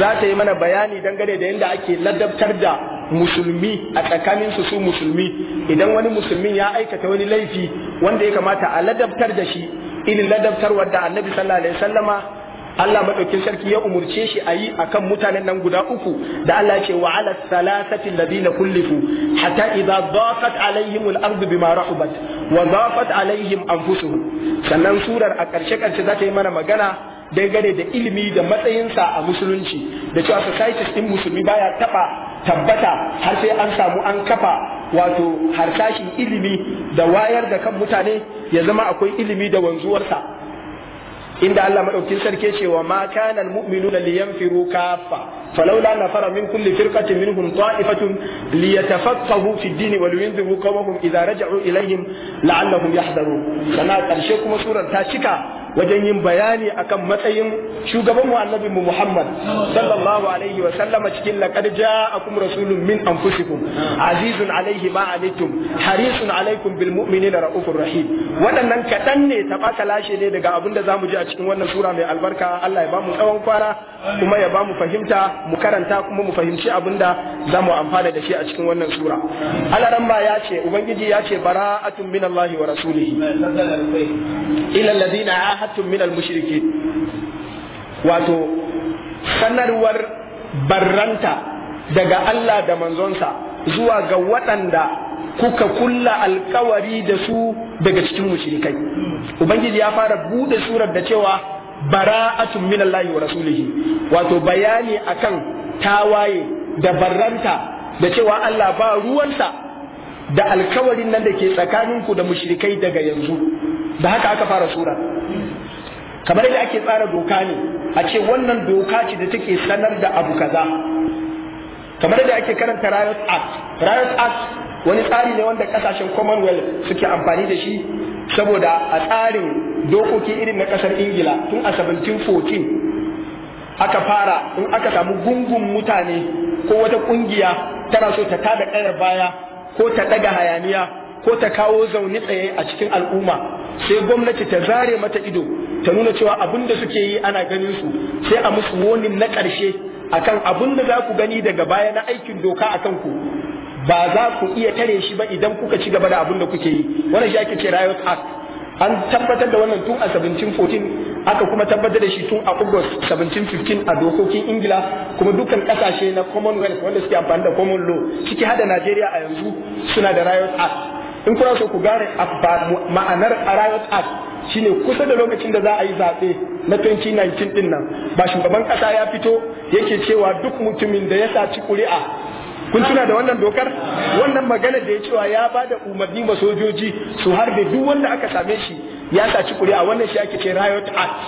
za ta yi mana bayani dangane da yadda ake ladabtar da musulmi a tsakanin su su musulmi idan wani musulmin ya aikata wani laifi wanda ya kamata a ladabtar da shi irin ladabtar wadda annabi sallallahu alaihi wasallama Allah madaukin sarki ya umurce shi a yi akan mutanen nan guda uku da Allah ce wa ala salasati alladhina kullifu hatta idza dhaqat alaihim al-ard bima rahubat wa dhaqat alaihim anfusuhum sannan surar a karshe karshe za ta yi mana magana dangane da ilimi da matsayinsa a musulunci da cewa societies din musulmi baya taba tabbata har sai an samu an kafa wato harsashin ilimi da wayar da kan mutane ya zama akwai ilimi da wanzuwarsa inda Allah madaukin sarki wa ma kana almu'minuna liyanfiru kaffa falawla nafara min kulli firqatin minhum ta'ifatun liyatafaqahu fi ad-din wa liyunziru qawmahum idza raja'u ilayhim la'allahum yahdharun sana karshe kuma surar ta cika wajen yin bayani akan matsayin shugaban mu annabi mu Muhammad sallallahu alaihi wa sallama cikin laqad ja'akum rasulun min anfusikum azizun alaihi ma anitum harisun alaikum bil mu'minina raufur rahim waɗannan kaɗan ne taɓa lashe ne daga abin da zamu ji a cikin wannan sura mai albarka Allah ya bamu tsawon kwara kuma ya bamu fahimta mu karanta kuma mu fahimci abin da zamu amfana da shi a cikin wannan sura alaran ba ya ce ubangiji ya ce bara'atun minallahi wa rasulihi ila alladhina bara'atun minal mushrikin wato sanarwar barranta daga Allah da manzonsa zuwa ga waɗanda kuka kulla alkawari da su daga cikin mushrikai ubangiji ya fara bude surar da cewa bara'atun minallahi wa rasulihi wato bayani akan tawaye da barranta da cewa Allah ba ruwansa da alkawarin nan da ke tsakaninku da mushrikai daga yanzu da haka aka fara sura kamar yadda ake tsara doka ne a ce wannan doka ce da take sanar da abu kaza kamar yadda ake karanta riot act riot act wani tsari ne wanda kasashen commonwealth suke amfani da shi saboda a tsarin dokoki irin na kasar ingila tun a 1714 aka fara in aka samu gungun mutane ko wata kungiya tana so ta tada kayar baya ko ta daga hayaniya ko ta kawo zaune tsaye a cikin al'umma sai gwamnati ta zare mata ido ta nuna cewa abin da suke yi ana ganin su sai a musu wonin na ƙarshe akan abin da za ku gani daga baya na aikin doka akan ku ba za ku iya tare shi ba idan kuka ci gaba da abin da kuke yi wannan shi ake ce riot act an tabbatar da wannan tun a 1714 aka kuma tabbatar da shi tun a august 1715 a dokokin ingila kuma dukkan kasashe na commonwealth wanda suke amfani da common law ciki hada najeriya a yanzu suna da riot act in kuna so ku gane ma'anar a Riot Act shine kusa da lokacin da za a yi zaɓe na 2019 din nan ba shugaban ƙasa ya fito yake cewa duk mutumin da ya saci ƙuri'a kun tuna da wannan dokar wannan magana da ya cewa ya ba da umarni ma sojoji su harbe duk wanda aka same shi ya saci ƙuri'a wannan shi ake ce riot act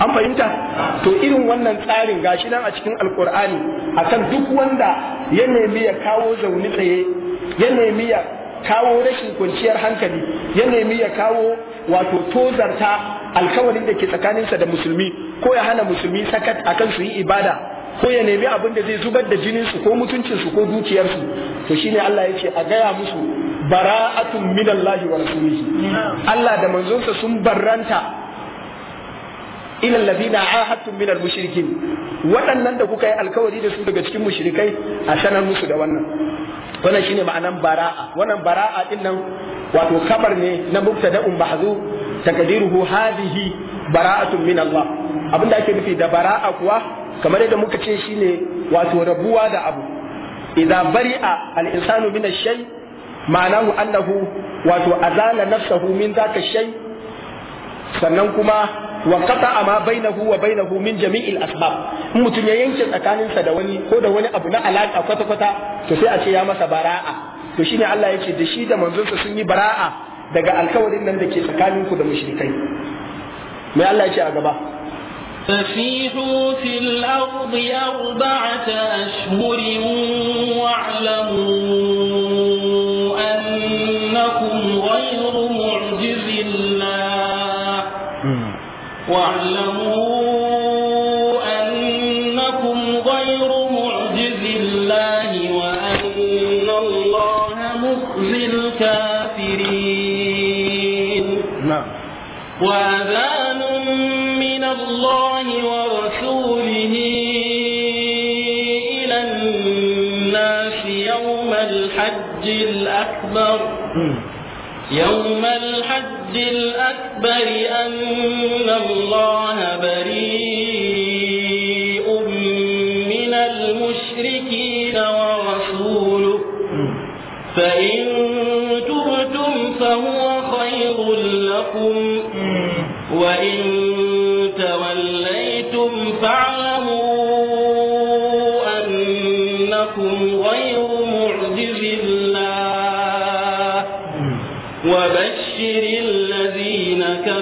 an fahimta to irin wannan tsarin gashi nan a cikin alkur'ani akan duk wanda ya nemi ya kawo zaune tsaye ya nemi ya kawo rashin kwanciyar hankali ya nemi ya kawo wato tozarta alkawarin da ke tsakaninsa da musulmi ko ya hana musulmi sakat a kan su yi ibada ko ya nemi abin da zai zubar da jininsu ko mutuncinsu ko dukiyarsu to shine Allah ya ce a gaya musu bara'atun minallahi wa rasulihi Allah da manzonsa sun barranta ila allazina ahadtum min al-mushrikin waɗannan da kuka yi alkawari da su daga cikin mushrikai a sanar musu da wannan wannan shine ma'anan bara'a wannan bara'a din nan wato kabar ne na mubtada'un mahzu takdiruhu hadhihi bara'atun min Allah abinda ake nufi da bara'a kuwa kamar yadda muka ce shine wato rabuwa da abu idza bari'a al-insanu min ash-shay ma'anahu annahu wato azala nafsahu min zaka shay sannan kuma وانقطع ما بينه وبينه من جميع الاسباب in mutum ya yanke tsakaninsa da wani ko da wani abu na alaƙa kwata kwata to sai a ce ya masa bara'a to shine Allah ya ce da shi da manzonsa sun yi bara'a daga alkawarin nan da ke tsakaninku da mushrikai mai Allah ya ce a gaba فسيحوا في الأرض أربعة أشهر واعلموا واعلموا أنكم غير معجز الله وأن الله مخزي الكافرين نعم وأذان من الله ورسوله إلى الناس يوم الحج الأكبر يوم الحج الأكبر الأكبر أن الله بريء من المشركين ورسوله فإن تبتم فهو خير لكم وإن توليتم فعلوا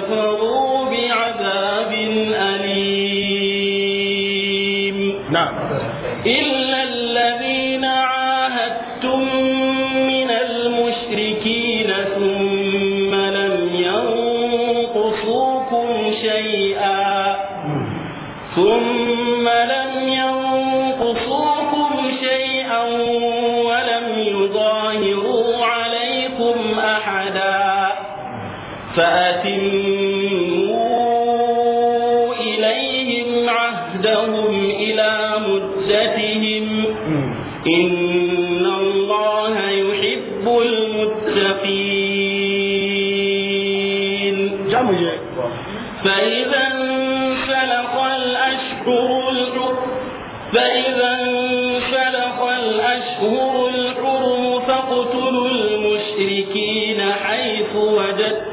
كفروا بعذاب أليم نعم إلا الذين عاهدتم من المشركين ثم لم ينقصوكم شيئا ثم لم ينقصوكم شيئا ولم يظاهروا عليكم فأتموا إليهم عهدهم إلى مدتهم إن الله يحب المتقين فإن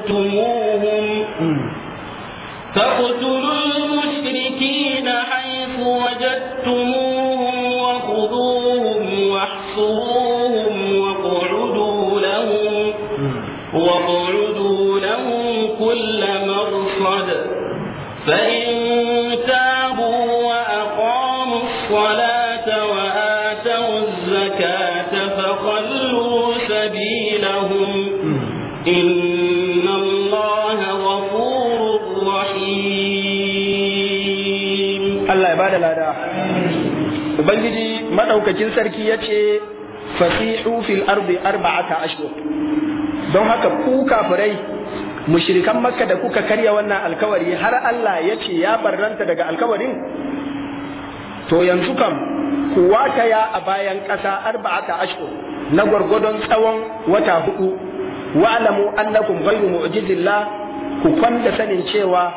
قتلتموهم فاقتلوا المشركين حيث وجدتموهم وخذوهم واحصروهم واقعدوا لهم واقعدوا لهم كل مرصد فإن madaukakin sarki ya ce fasihu fil ardi arba'ata ashhur don haka ku kafirai mushrikan makka da kuka karya wannan alkawari har Allah ya ce ya barranta daga alkawarin to yanzu kam ku ya a bayan ƙasa arba'ata ashhur na gwargwadon tsawon wata hudu alamu annakum ghayru mu'jizillah ku kwanta sanin cewa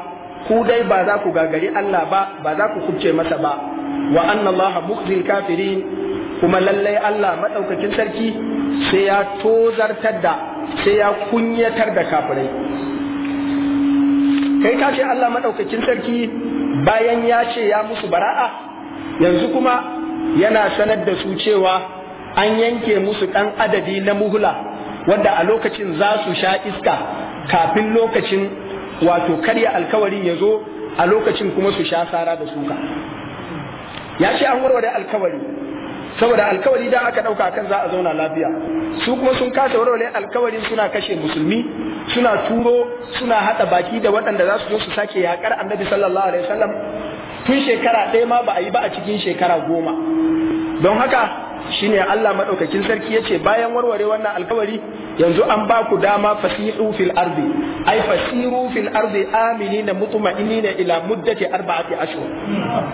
ku dai ba za ku gagari Allah ba ba za ku kubce masa ba wa anna Allah mukhzil kafirin kuma lallai Allah madaukakin sarki sai ya tozartar da sai ya kunyatar da kafirai kai ka ce Allah madaukakin sarki bayan ya ce ya musu bara'a yanzu kuma yana sanar da su cewa an yanke musu ɗan adadi na muhula wanda a lokacin za su sha iska kafin lokacin wato karya alkawarin ya zo a lokacin kuma su sha sara da suka ya ce an warware alkawari saboda alkawari da aka ɗauka kan za a zauna lafiya su kuma sun kasa warware alkawari suna kashe musulmi suna turo suna haɗa baki da waɗanda za su zo su sake yaƙar annabi sallallahu alaihi wasallam tun shekara ɗaya ma ba a yi ba a cikin shekara goma don haka shine Allah madaukakin sarki ya ce bayan warware wannan alkawari yanzu an ba ku dama fasiru fil ardi ai fasiru fil ardi aminina mutma'inina ila muddati arba'ati ashhur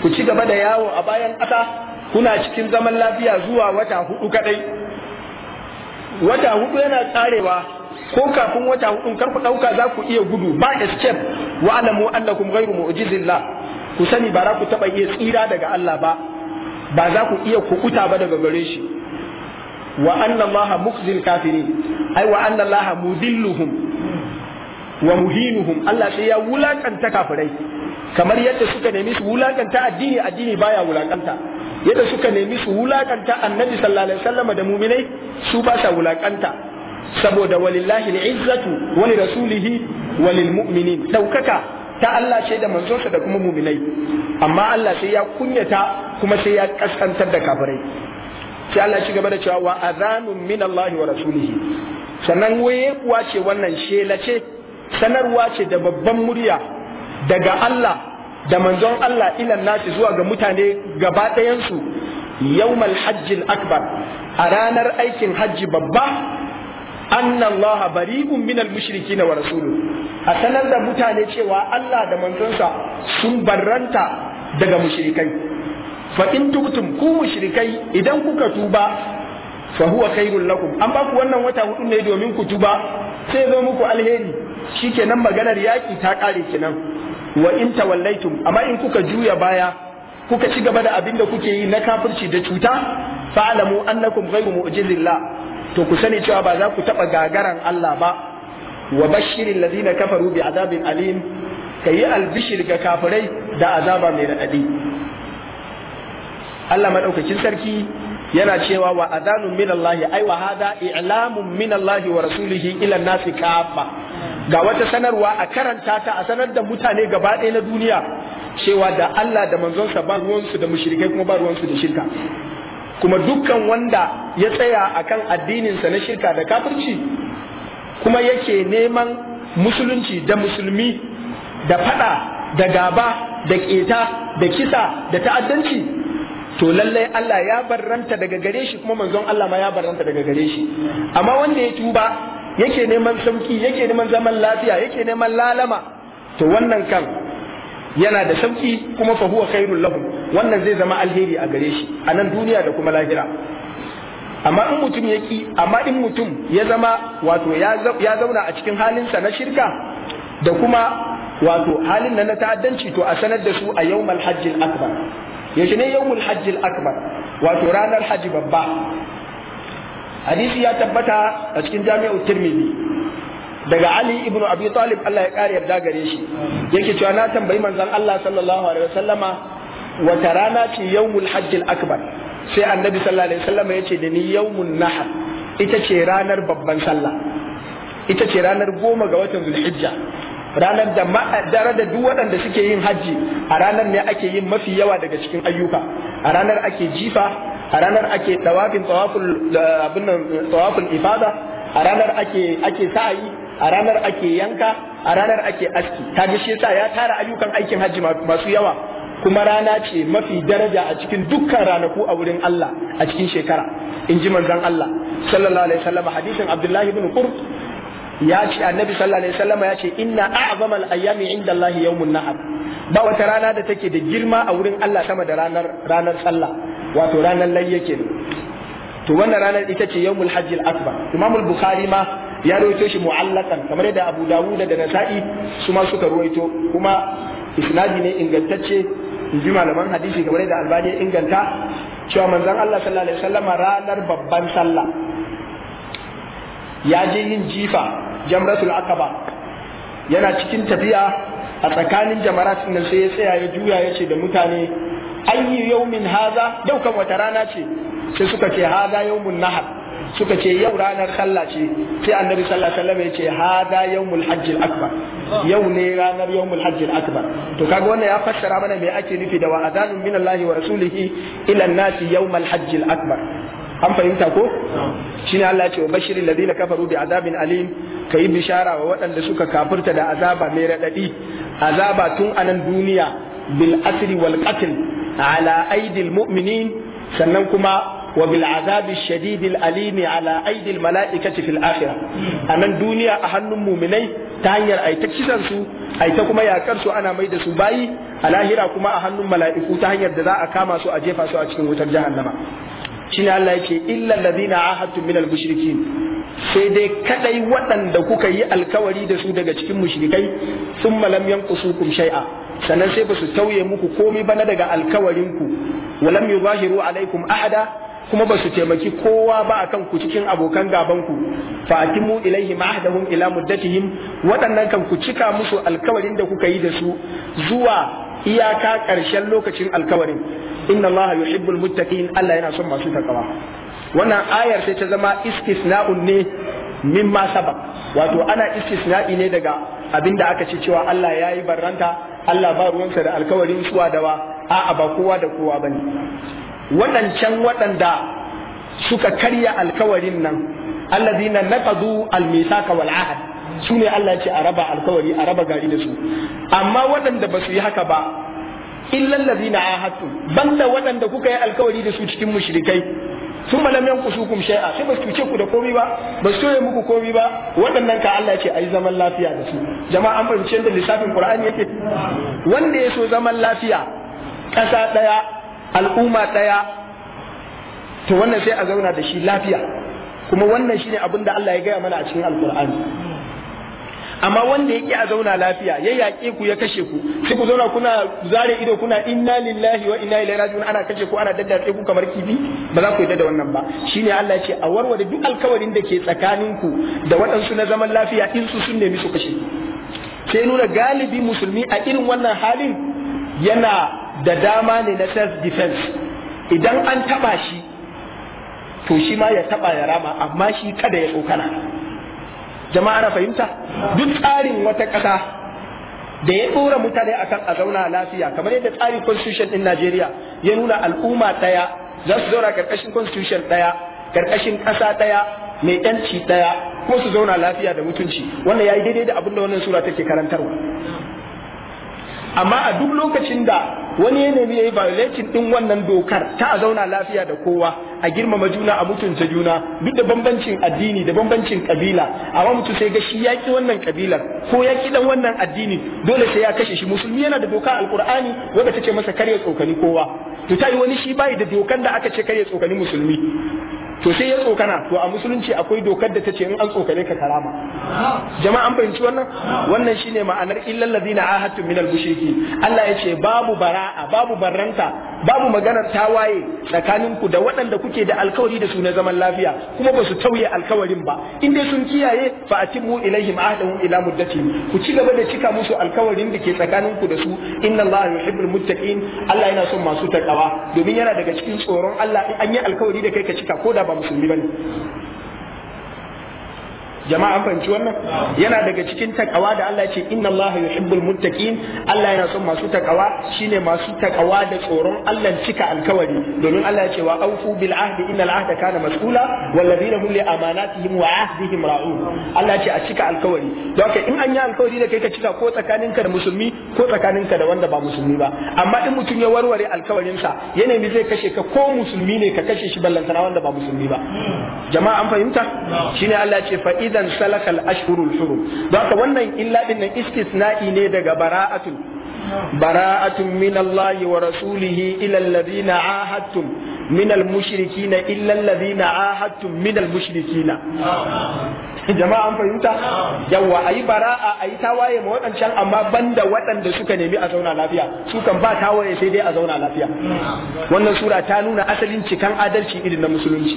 ku ci gaba da yawo a bayan ƙasa kuna cikin zaman lafiya zuwa wata hudu kadai wata hudu yana tsarewa? ko kafin wata hudu kar ku dauka za ku iya gudu ba escape wa alamu annakum ghairu mu'jizillah ku sani ba za ku taba iya tsira daga Allah ba ba za ku iya kukuta ba daga gare shi wa anna allaha mukhzil kafirin ai wa anna allaha mudilluhum wa muhinuhum Allah sai ya wulakanta kafirai kamar yadda suka nemi su wulakanta addini addini baya wulakanta yadda suka nemi su wulakanta annabi sallallahu alaihi wasallam da muminai su ba sa wulakanta saboda walillahi al'izzatu wa li rasulihi wa lil mu'minin daukaka ta Allah da manzonsa da kuma muminai amma Allah sai ya kunyata kuma sai ya kaskantar da kafirai sai Allah shi gaba da cewa wa azanun min Allah wa rasulihi sannan kuwa ce wannan shela ce sanarwa ce da babban murya daga Allah da manzon Allah ilan nasu zuwa ga mutane gaba ɗayansu yawmal hajjil akbar a ranar aikin hajji babba anna Allah bari'un min al-mushrikina wa rasuluhu a sanar da mutane cewa Allah da manzonsa sun barranta daga mushrikai fa in tubtum ku mushrikai idan kuka tuba fa huwa khairul lakum an ba ku wannan wata hudu ne domin ku tuba sai zo muku alheri shikenan maganar yaki ta kare kenan wa in tawallaitum amma in kuka juya baya kuka ci gaba da abin da kuke yi na kafirci da cuta fa'lamu annakum ghayru mu'jizillah to ku sani cewa ba za ku taba gagaran Allah ba wa bashirin lazina kafaru bi azabin alim ka albishir ga kafirai da azaba mai raɗaɗi Allah Maɗaukacin sarki yana cewa wa adanun min Allah ai wa hada i'lamun min Allah wa rasulihi ila nasi kafa ga wata sanarwa a karanta ta a sanar da mutane gaba ɗaya na duniya cewa da Allah da manzonsa ba ruwansu da mushrikai kuma ba ruwansu da shirka kuma dukkan wanda ya tsaya akan addininsa na shirka da kafirci kuma yake neman musulunci da musulmi da fada da gaba da keta da kisa da ta'addanci to lallai Allah ya barranta daga gare shi kuma manzon Allah ma ya barranta daga gare shi amma wanda ya tuba yake neman sauki yake neman zaman lafiya yake neman lalama to wannan kan yana da sauki kuma fa huwa khairul lahum wannan zai zama alheri a gare shi a nan duniya da kuma lahira amma in mutum ya ki amma in mutum ya zama wato ya zauna a cikin halinsa na shirka da kuma wato halin nan na ta'addanci to a sanar da su a yawmal hajjil akbar yaushe ne yawmul hajjil akbar wato ranar hajji babba hadisi ya tabbata a cikin jami'u tirmidhi daga ali ibn abi talib Allah ya kare yarda gare shi yake cewa na tambayi manzon Allah sallallahu alaihi wasallama wata rana ce yawmal hajjil akbar sai annabi sallallahu alaihi wasallam ya ce da ni yawmun nahar ita ce ranar babban sallah ita ce ranar goma ga watan zulhijja ranar da ma'adara da duk waɗanda suke yin hajji a ranar ne ake yin mafi yawa daga cikin ayyuka a ranar ake jifa a ranar ake tawafin tawaful eh, ifada a ranar ake ake sa'ayi a ranar ake yanka a ranar ake aski ta shi yasa ya tara ayyukan aikin hajji masu yawa kuma rana ce mafi daraja a cikin dukkan ranaku a wurin Allah a cikin shekara in ji manzon Allah sallallahu alaihi wasallam hadisin Abdullahi ibn Qurt ya ce annabi sallallahu alaihi wasallam ya ce inna a'zamal ayyami inda Allah yawmun nahar ba wata rana da take da girma a wurin Allah sama da ranar ranar sallah wato ranar layya kenan to wannan ranar ita ce yawmul hajjil akbar imamul bukhari ma ya rawaito shi mu'allakan kamar yadda Abu Dawud da Nasa'i su ma suka rawaito kuma isnadi ne ingantacce in ji malaman hadisi kamar da albani ya inganta cewa manzon Allah sallallahu alaihi wasallam ranar babban sallah ya je yin jifa jamratul aqaba yana cikin tafiya a tsakanin jamarat nan sai ya tsaya ya juya ya ce da mutane ayyu yawmin haza yau kan wata rana ce sai suka ce haza yawmun nahar suka ce yau ranar sallah ce sai annabi sallallahu alaihi wasallam ya ce hada yawmul hajj akbar yau ne ranar yawmul hajj akbar to kaga wannan ya fassara mana me ake nufi da wa adanun min Allah wa rasulihi ila nasi yawmal hajj akbar an fahimta ko shine Allah ya ce wa bashiril ladina kafaru bi adabin alim kai bishara wa waɗanda suka kafirta da azaba mai radadi azaba tun anan duniya bil asri wal qatl ala aidil mu'minin sannan kuma wa bil azabi shadid al alim ala aidi al malaikati fil akhirah anan duniya a hannun muminai ta hanyar aita ta kisan su ai ta kuma yakar su ana mai da su bayi a lahira kuma a hannun mala'iku ta hanyar da za a kama su a jefa su a cikin wutar jahannama shine Allah yake illal ladina ahadtum minal mushrikin sai dai kadai waɗanda kuka yi alkawari da su daga cikin mushrikai sun malam yanqusukum shay'a sannan sai ba su tauye muku komai ba na daga alkawarin ku walam yuzahiru alaikum aada. kuma ba su taimaki kowa ba akan ku cikin abokan gabanku ku fa atimu ilaihim ahdahum ila muddatihim waɗannan kan ku cika musu alkawarin da kuka yi da su zuwa iyaka ƙarshen lokacin alkawarin inna allaha yuhibbul muttaqin Allah yana son masu takawa wannan ayar sai ta zama istisna'un ne mimma sabaq wato ana istisna'i ne daga abinda aka ce cewa Allah ya yi barranta Allah ba ruwansa da alkawarin suwa dawa a'a ba kowa da kowa bane waɗancan waɗanda suka karya alkawarin nan allazina naqadu almisaqa wal ahad su ne Allah ya ce a raba alkawari a raba gari da su amma waɗanda ba su yi haka ba illal ladina ahadtum banda waɗanda kuka yi alkawari da su cikin mushrikai sun ma lam yankusukum shay'a sai ba su cuce ku da komi ba ba su toye muku komi ba waɗannan ka Allah ce ayi zaman lafiya da su jama'a an fahimci yadda lissafin Qur'ani yake wanda ya so zaman lafiya ƙasa ɗaya al'umma ɗaya to wannan sai a zauna da shi lafiya kuma wannan shine abin da Allah ya gaya mana a cikin alkur'ani amma wanda ya ƙi a zauna lafiya ya yaƙe ku ya kashe ku sai ku zauna kuna zare ido kuna inna lillahi wa inna ilaihi raji'un ana kashe ku ana daddatse ku kamar kifi ba za ku yi da wannan ba shine Allah ya ce a warware duk alkawarin da ke tsakanin ku da waɗansu na zaman lafiya in su sun nemi su kashe sai nuna galibi musulmi a irin wannan halin yana da dama ne na self defense idan an taba shi to shi ma ya taba ya rama amma shi kada ya tsokana jama'a na fahimta duk tsarin wata ƙasa da ya tsora mutane akan a zauna lafiya kamar yadda tsarin constitution din Najeriya ya nuna al'umma ɗaya za su zauna karkashin constitution ɗaya ƙarƙashin ƙasa ɗaya mai ƴanci ɗaya ko su zauna lafiya da mutunci wannan yayi daidai da abin da wannan sura take karantarwa amma a duk lokacin da wani ya nemi yayi violation din wannan dokar ta a zauna lafiya da kowa a girmama juna a mutunta juna duk da bambancin addini da bambancin kabila amma mutum sai ga shi yaki wannan kabilar ko ya ki dan wannan addini dole sai ya kashe shi musulmi yana da doka alqur'ani wanda take masa karya tsokani kowa to tayi wani shi bai da dokan da aka ce karya tsokani musulmi to sai ya tsokana to a musulunci akwai dokar da ta ce in an tsokane ka karama jama'a an fahimci wannan wannan shine ma'anar illal ladina ahadtu minal mushriki Allah ya ce babu bara'a babu barranta babu maganar tawaye tsakanin ku da waɗanda kuke da alkawari da su na zaman lafiya kuma ba su tauye alkawarin ba in dai sun kiyaye fa atimmu ilaihim ahdahum ila muddati ku ci gaba da cika musu alkawarin da ke tsakanin ku da su inna Allah yuhibbul muttaqin Allah yana son masu takawa domin yana daga cikin tsoron Allah in an yi alkawari da kai ka cika ko da ba musulmi bane jama'a an fahimci wannan yana daga cikin takawa da Allah ya ce inna Allah yuhibbul muttaqin Allah yana son masu takawa shine masu takawa da tsoron Allah cika alkawari domin Allah ya ce wa aufu bil ahdi innal ahda kana mas'ula wal ladina hum li amanatihim wa ahdihim ra'un Allah ya ce a cika alkawari don haka in an yi alkawari da kai ka cika ko tsakaninka da musulmi ko tsakaninka da wanda ba musulmi ba amma in mutum ya warware alkawarinsa ya zai kashe ka ko musulmi ne ka kashe shi ballantana wanda ba musulmi ba jama'a an fahimta shine Allah ya ce fa idan salakal ashhurul hurum don haka wannan illa din nan istisna'i ne daga bara'atun bara'atun min Allah wa rasulihi ila alladhina ahadtum min illa alladhina ahadtum min jama'a an fahimta yawa ayi bara'a ayi tawaye ma wadancan amma banda waɗanda suka nemi a zauna lafiya su kan ba tawaye sai dai a zauna lafiya wannan sura ta nuna asalin cikan adalci irin na musulunci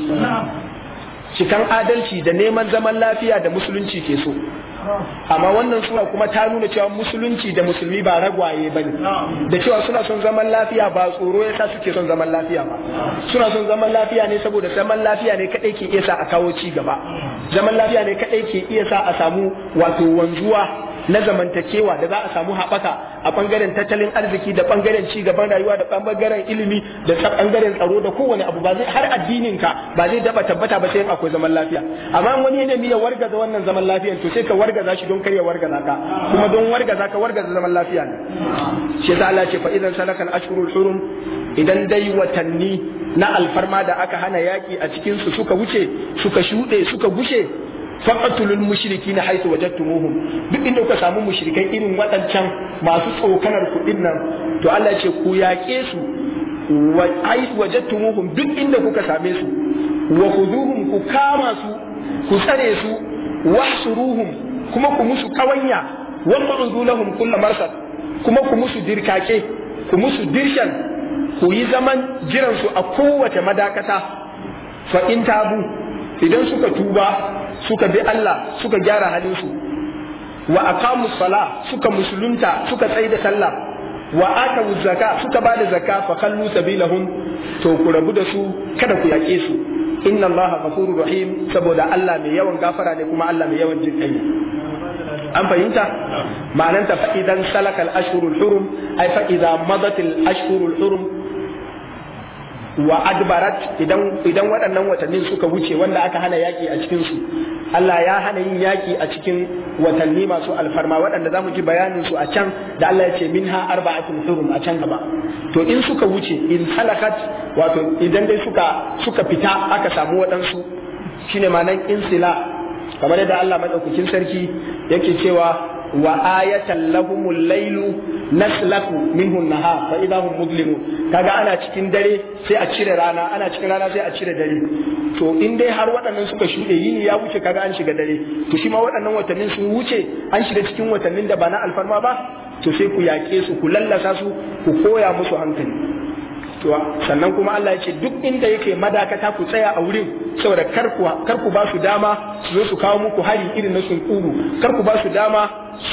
cikan adalci da neman zaman lafiya da musulunci ke so amma wannan sura kuma ta nuna cewa musulunci da musulmi ba ragwaye ba ne da cewa suna son zaman lafiya ba tsoro ya sa suke son zaman lafiya ba suna son zaman lafiya ne saboda zaman lafiya ne kadai ke iya sa a kawo ci gaba zaman lafiya ne kadai ke iya sa a samu wato wanzuwa na zamantakewa da za a samu haɓaka a ɓangaren tattalin arziki da ɓangaren ci gaban rayuwa da ɓangaren ilimi da ɓangaren tsaro da kowane abu ba zai har addinin ka ba zai daba tabbata ba sai akwai zaman lafiya amma wani ne ya wargaza wannan zaman lafiyan to sai ka wargaza shi don karya wargaza ka kuma don wargaza ka wargaza zaman lafiya ne shi Allah ce fa idan salakal ashhurul hurum idan dai watanni na alfarma da aka hana yaki a cikin su suka wuce suka shuɗe suka gushe faqatulul mushrikina haythu wajadtumuhum duk inda kuka samu mushrikai irin waɗancan masu tsokanar kuɗin nan to Allah ce ku yaƙe su wa haythu duk inda kuka same su wa khuduhum ku kama su ku tsare su suruhum kuma ku musu kawanya wa ma'udulahum kullu marsad kuma ku musu dirkake ku musu dirshan ku yi zaman su a kowace madakata fa in tabu idan suka tuba suka bi Allah suka gyara halinsu wa aqamu sala suka musulunta suka tsaida sallah wa atawu zaka suka bada zaka fa kallu sabilahum to ku rabu da su kada ku yaƙe su inna allaha ghafurur rahim saboda Allah mai yawan gafara ne kuma Allah mai yawan jin an fahimta ma'ananta fa idan salaka al-ashhurul hurum ay fa idza hurum wa adbarat idan idan waɗannan watannin suka wuce wanda aka hana yaki a cikin su Allah ya hana yin yaki a cikin watanni masu alfarma waɗanda zamu ji bayanin su a can da Allah ya ce minha arba'atun hurum a can gaba to in suka wuce in halakat wato idan dai suka suka fita aka samu waɗansu shine ma'anar insila kamar yadda Allah madaukakin sarki yake cewa wa ayatan lahumul lailu naslaku minhu nahar fa idahum kaga ana cikin dare sai a cire rana ana cikin rana sai a cire dare to in dai har waɗannan suka shuɗe yini ya wuce kaga an shiga dare to shi ma waɗannan watannin sun wuce an shiga cikin watannin da ba na alfarma ba to sai ku yaƙe su ku lallasa su ku koya musu hankali to sannan kuma Allah ya ce duk inda yake madakata ku tsaya a wurin saboda kar ku ba su dama su zo su kawo muku hari irin na sun kar ku ba su dama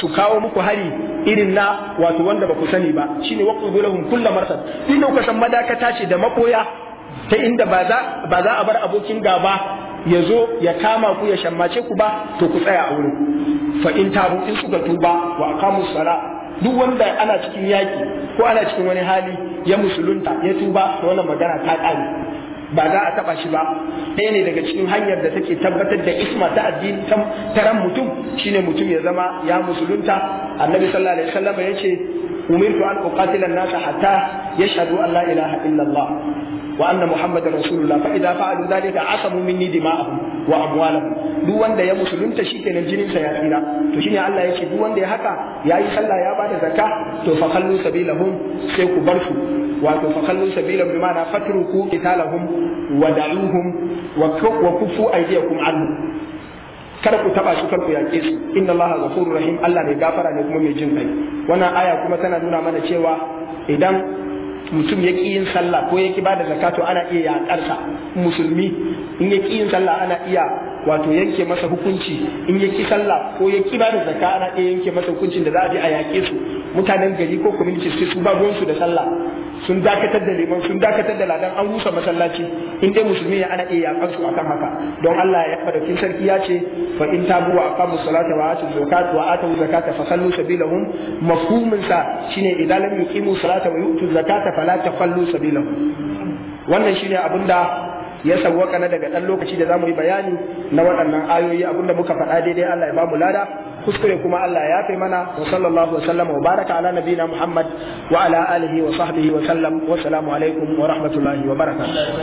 su kawo muku hari irin na wato wanda ba ku sani ba shine waqtu lahum kullu marsad inda kuka san madakata ce da makoya ta inda ba za ba za a bar abokin gaba ya zo ya kama ku ya shammace ku ba to ku tsaya a wurin fa in tabu in suka tuba wa aqamu sala duk wanda ana cikin yaki ko ana cikin wani hali ya musulunta ya tuba to wannan magana ta ƙare ba za a taba shi ba ɗaya ne daga cikin hanyar da take tabbatar da isma ta addini ta ran mutum shine mutum ya zama ya musulunta annabi sallallahu alaihi wasallam ya ce umirtu an uqatila an-nasa hatta yashhadu an la ilaha illallah wa anna muhammadar rasulullah fa idza fa'alu dhalika asamu minni dima'ahum wa amwalahum duk wanda ya musulunta shikenan jinin jininsa ya tsira to shi ne Allah yake duk wanda ya haka yi sallah ya bada zakka to fa kallu sabilahum sai ku bar su wato fa kallu sabilahum bi ma'ana fatruku qitalahum wa da'uhum wa kufu aydiyakum anhu kada ku taɓa su kar ku yake su inna Allah ghafurur rahim Allah mai gafara ne kuma mai jin kai wannan aya kuma tana nuna mana cewa idan mutum ya ƙi yin sallah ko ya ƙi ba da zakato ana iya yaƙarsa musulmi in ya ƙi yin sallah ana iya wato yanke masa hukunci in ya ƙi sallah ko ya ƙi ba da zaka ana iya yanke masa hukuncin da za a je a yaƙe su mutanen gari ko community sai su ba su da sallah sun dakatar da liman sun dakatar da ladan an rusa masallaci in dai musulmi ya ana iya yakan su akan haka don Allah ya madaukin sarki ya ce fa in tabu wa aqamu salata wa atu zakat wa atu zakata fa sallu sabilahum mafhumin sa shine idan lam yuqimu salata wa yu'tu zakata fala tafallu sabilahum wannan shine abinda ya sawwaka na daga dan lokaci da zamu yi bayani na waɗannan ayoyi abinda muka faɗa daidai Allah ya bamu lada kuskure kuma Allah ya fi mana wa sallallahu wa sallam wa baraka ala nabina Muhammad wa ala alihi wa sahbihi wa sallam wa salamu alaikum wa rahmatullahi wa barakatuh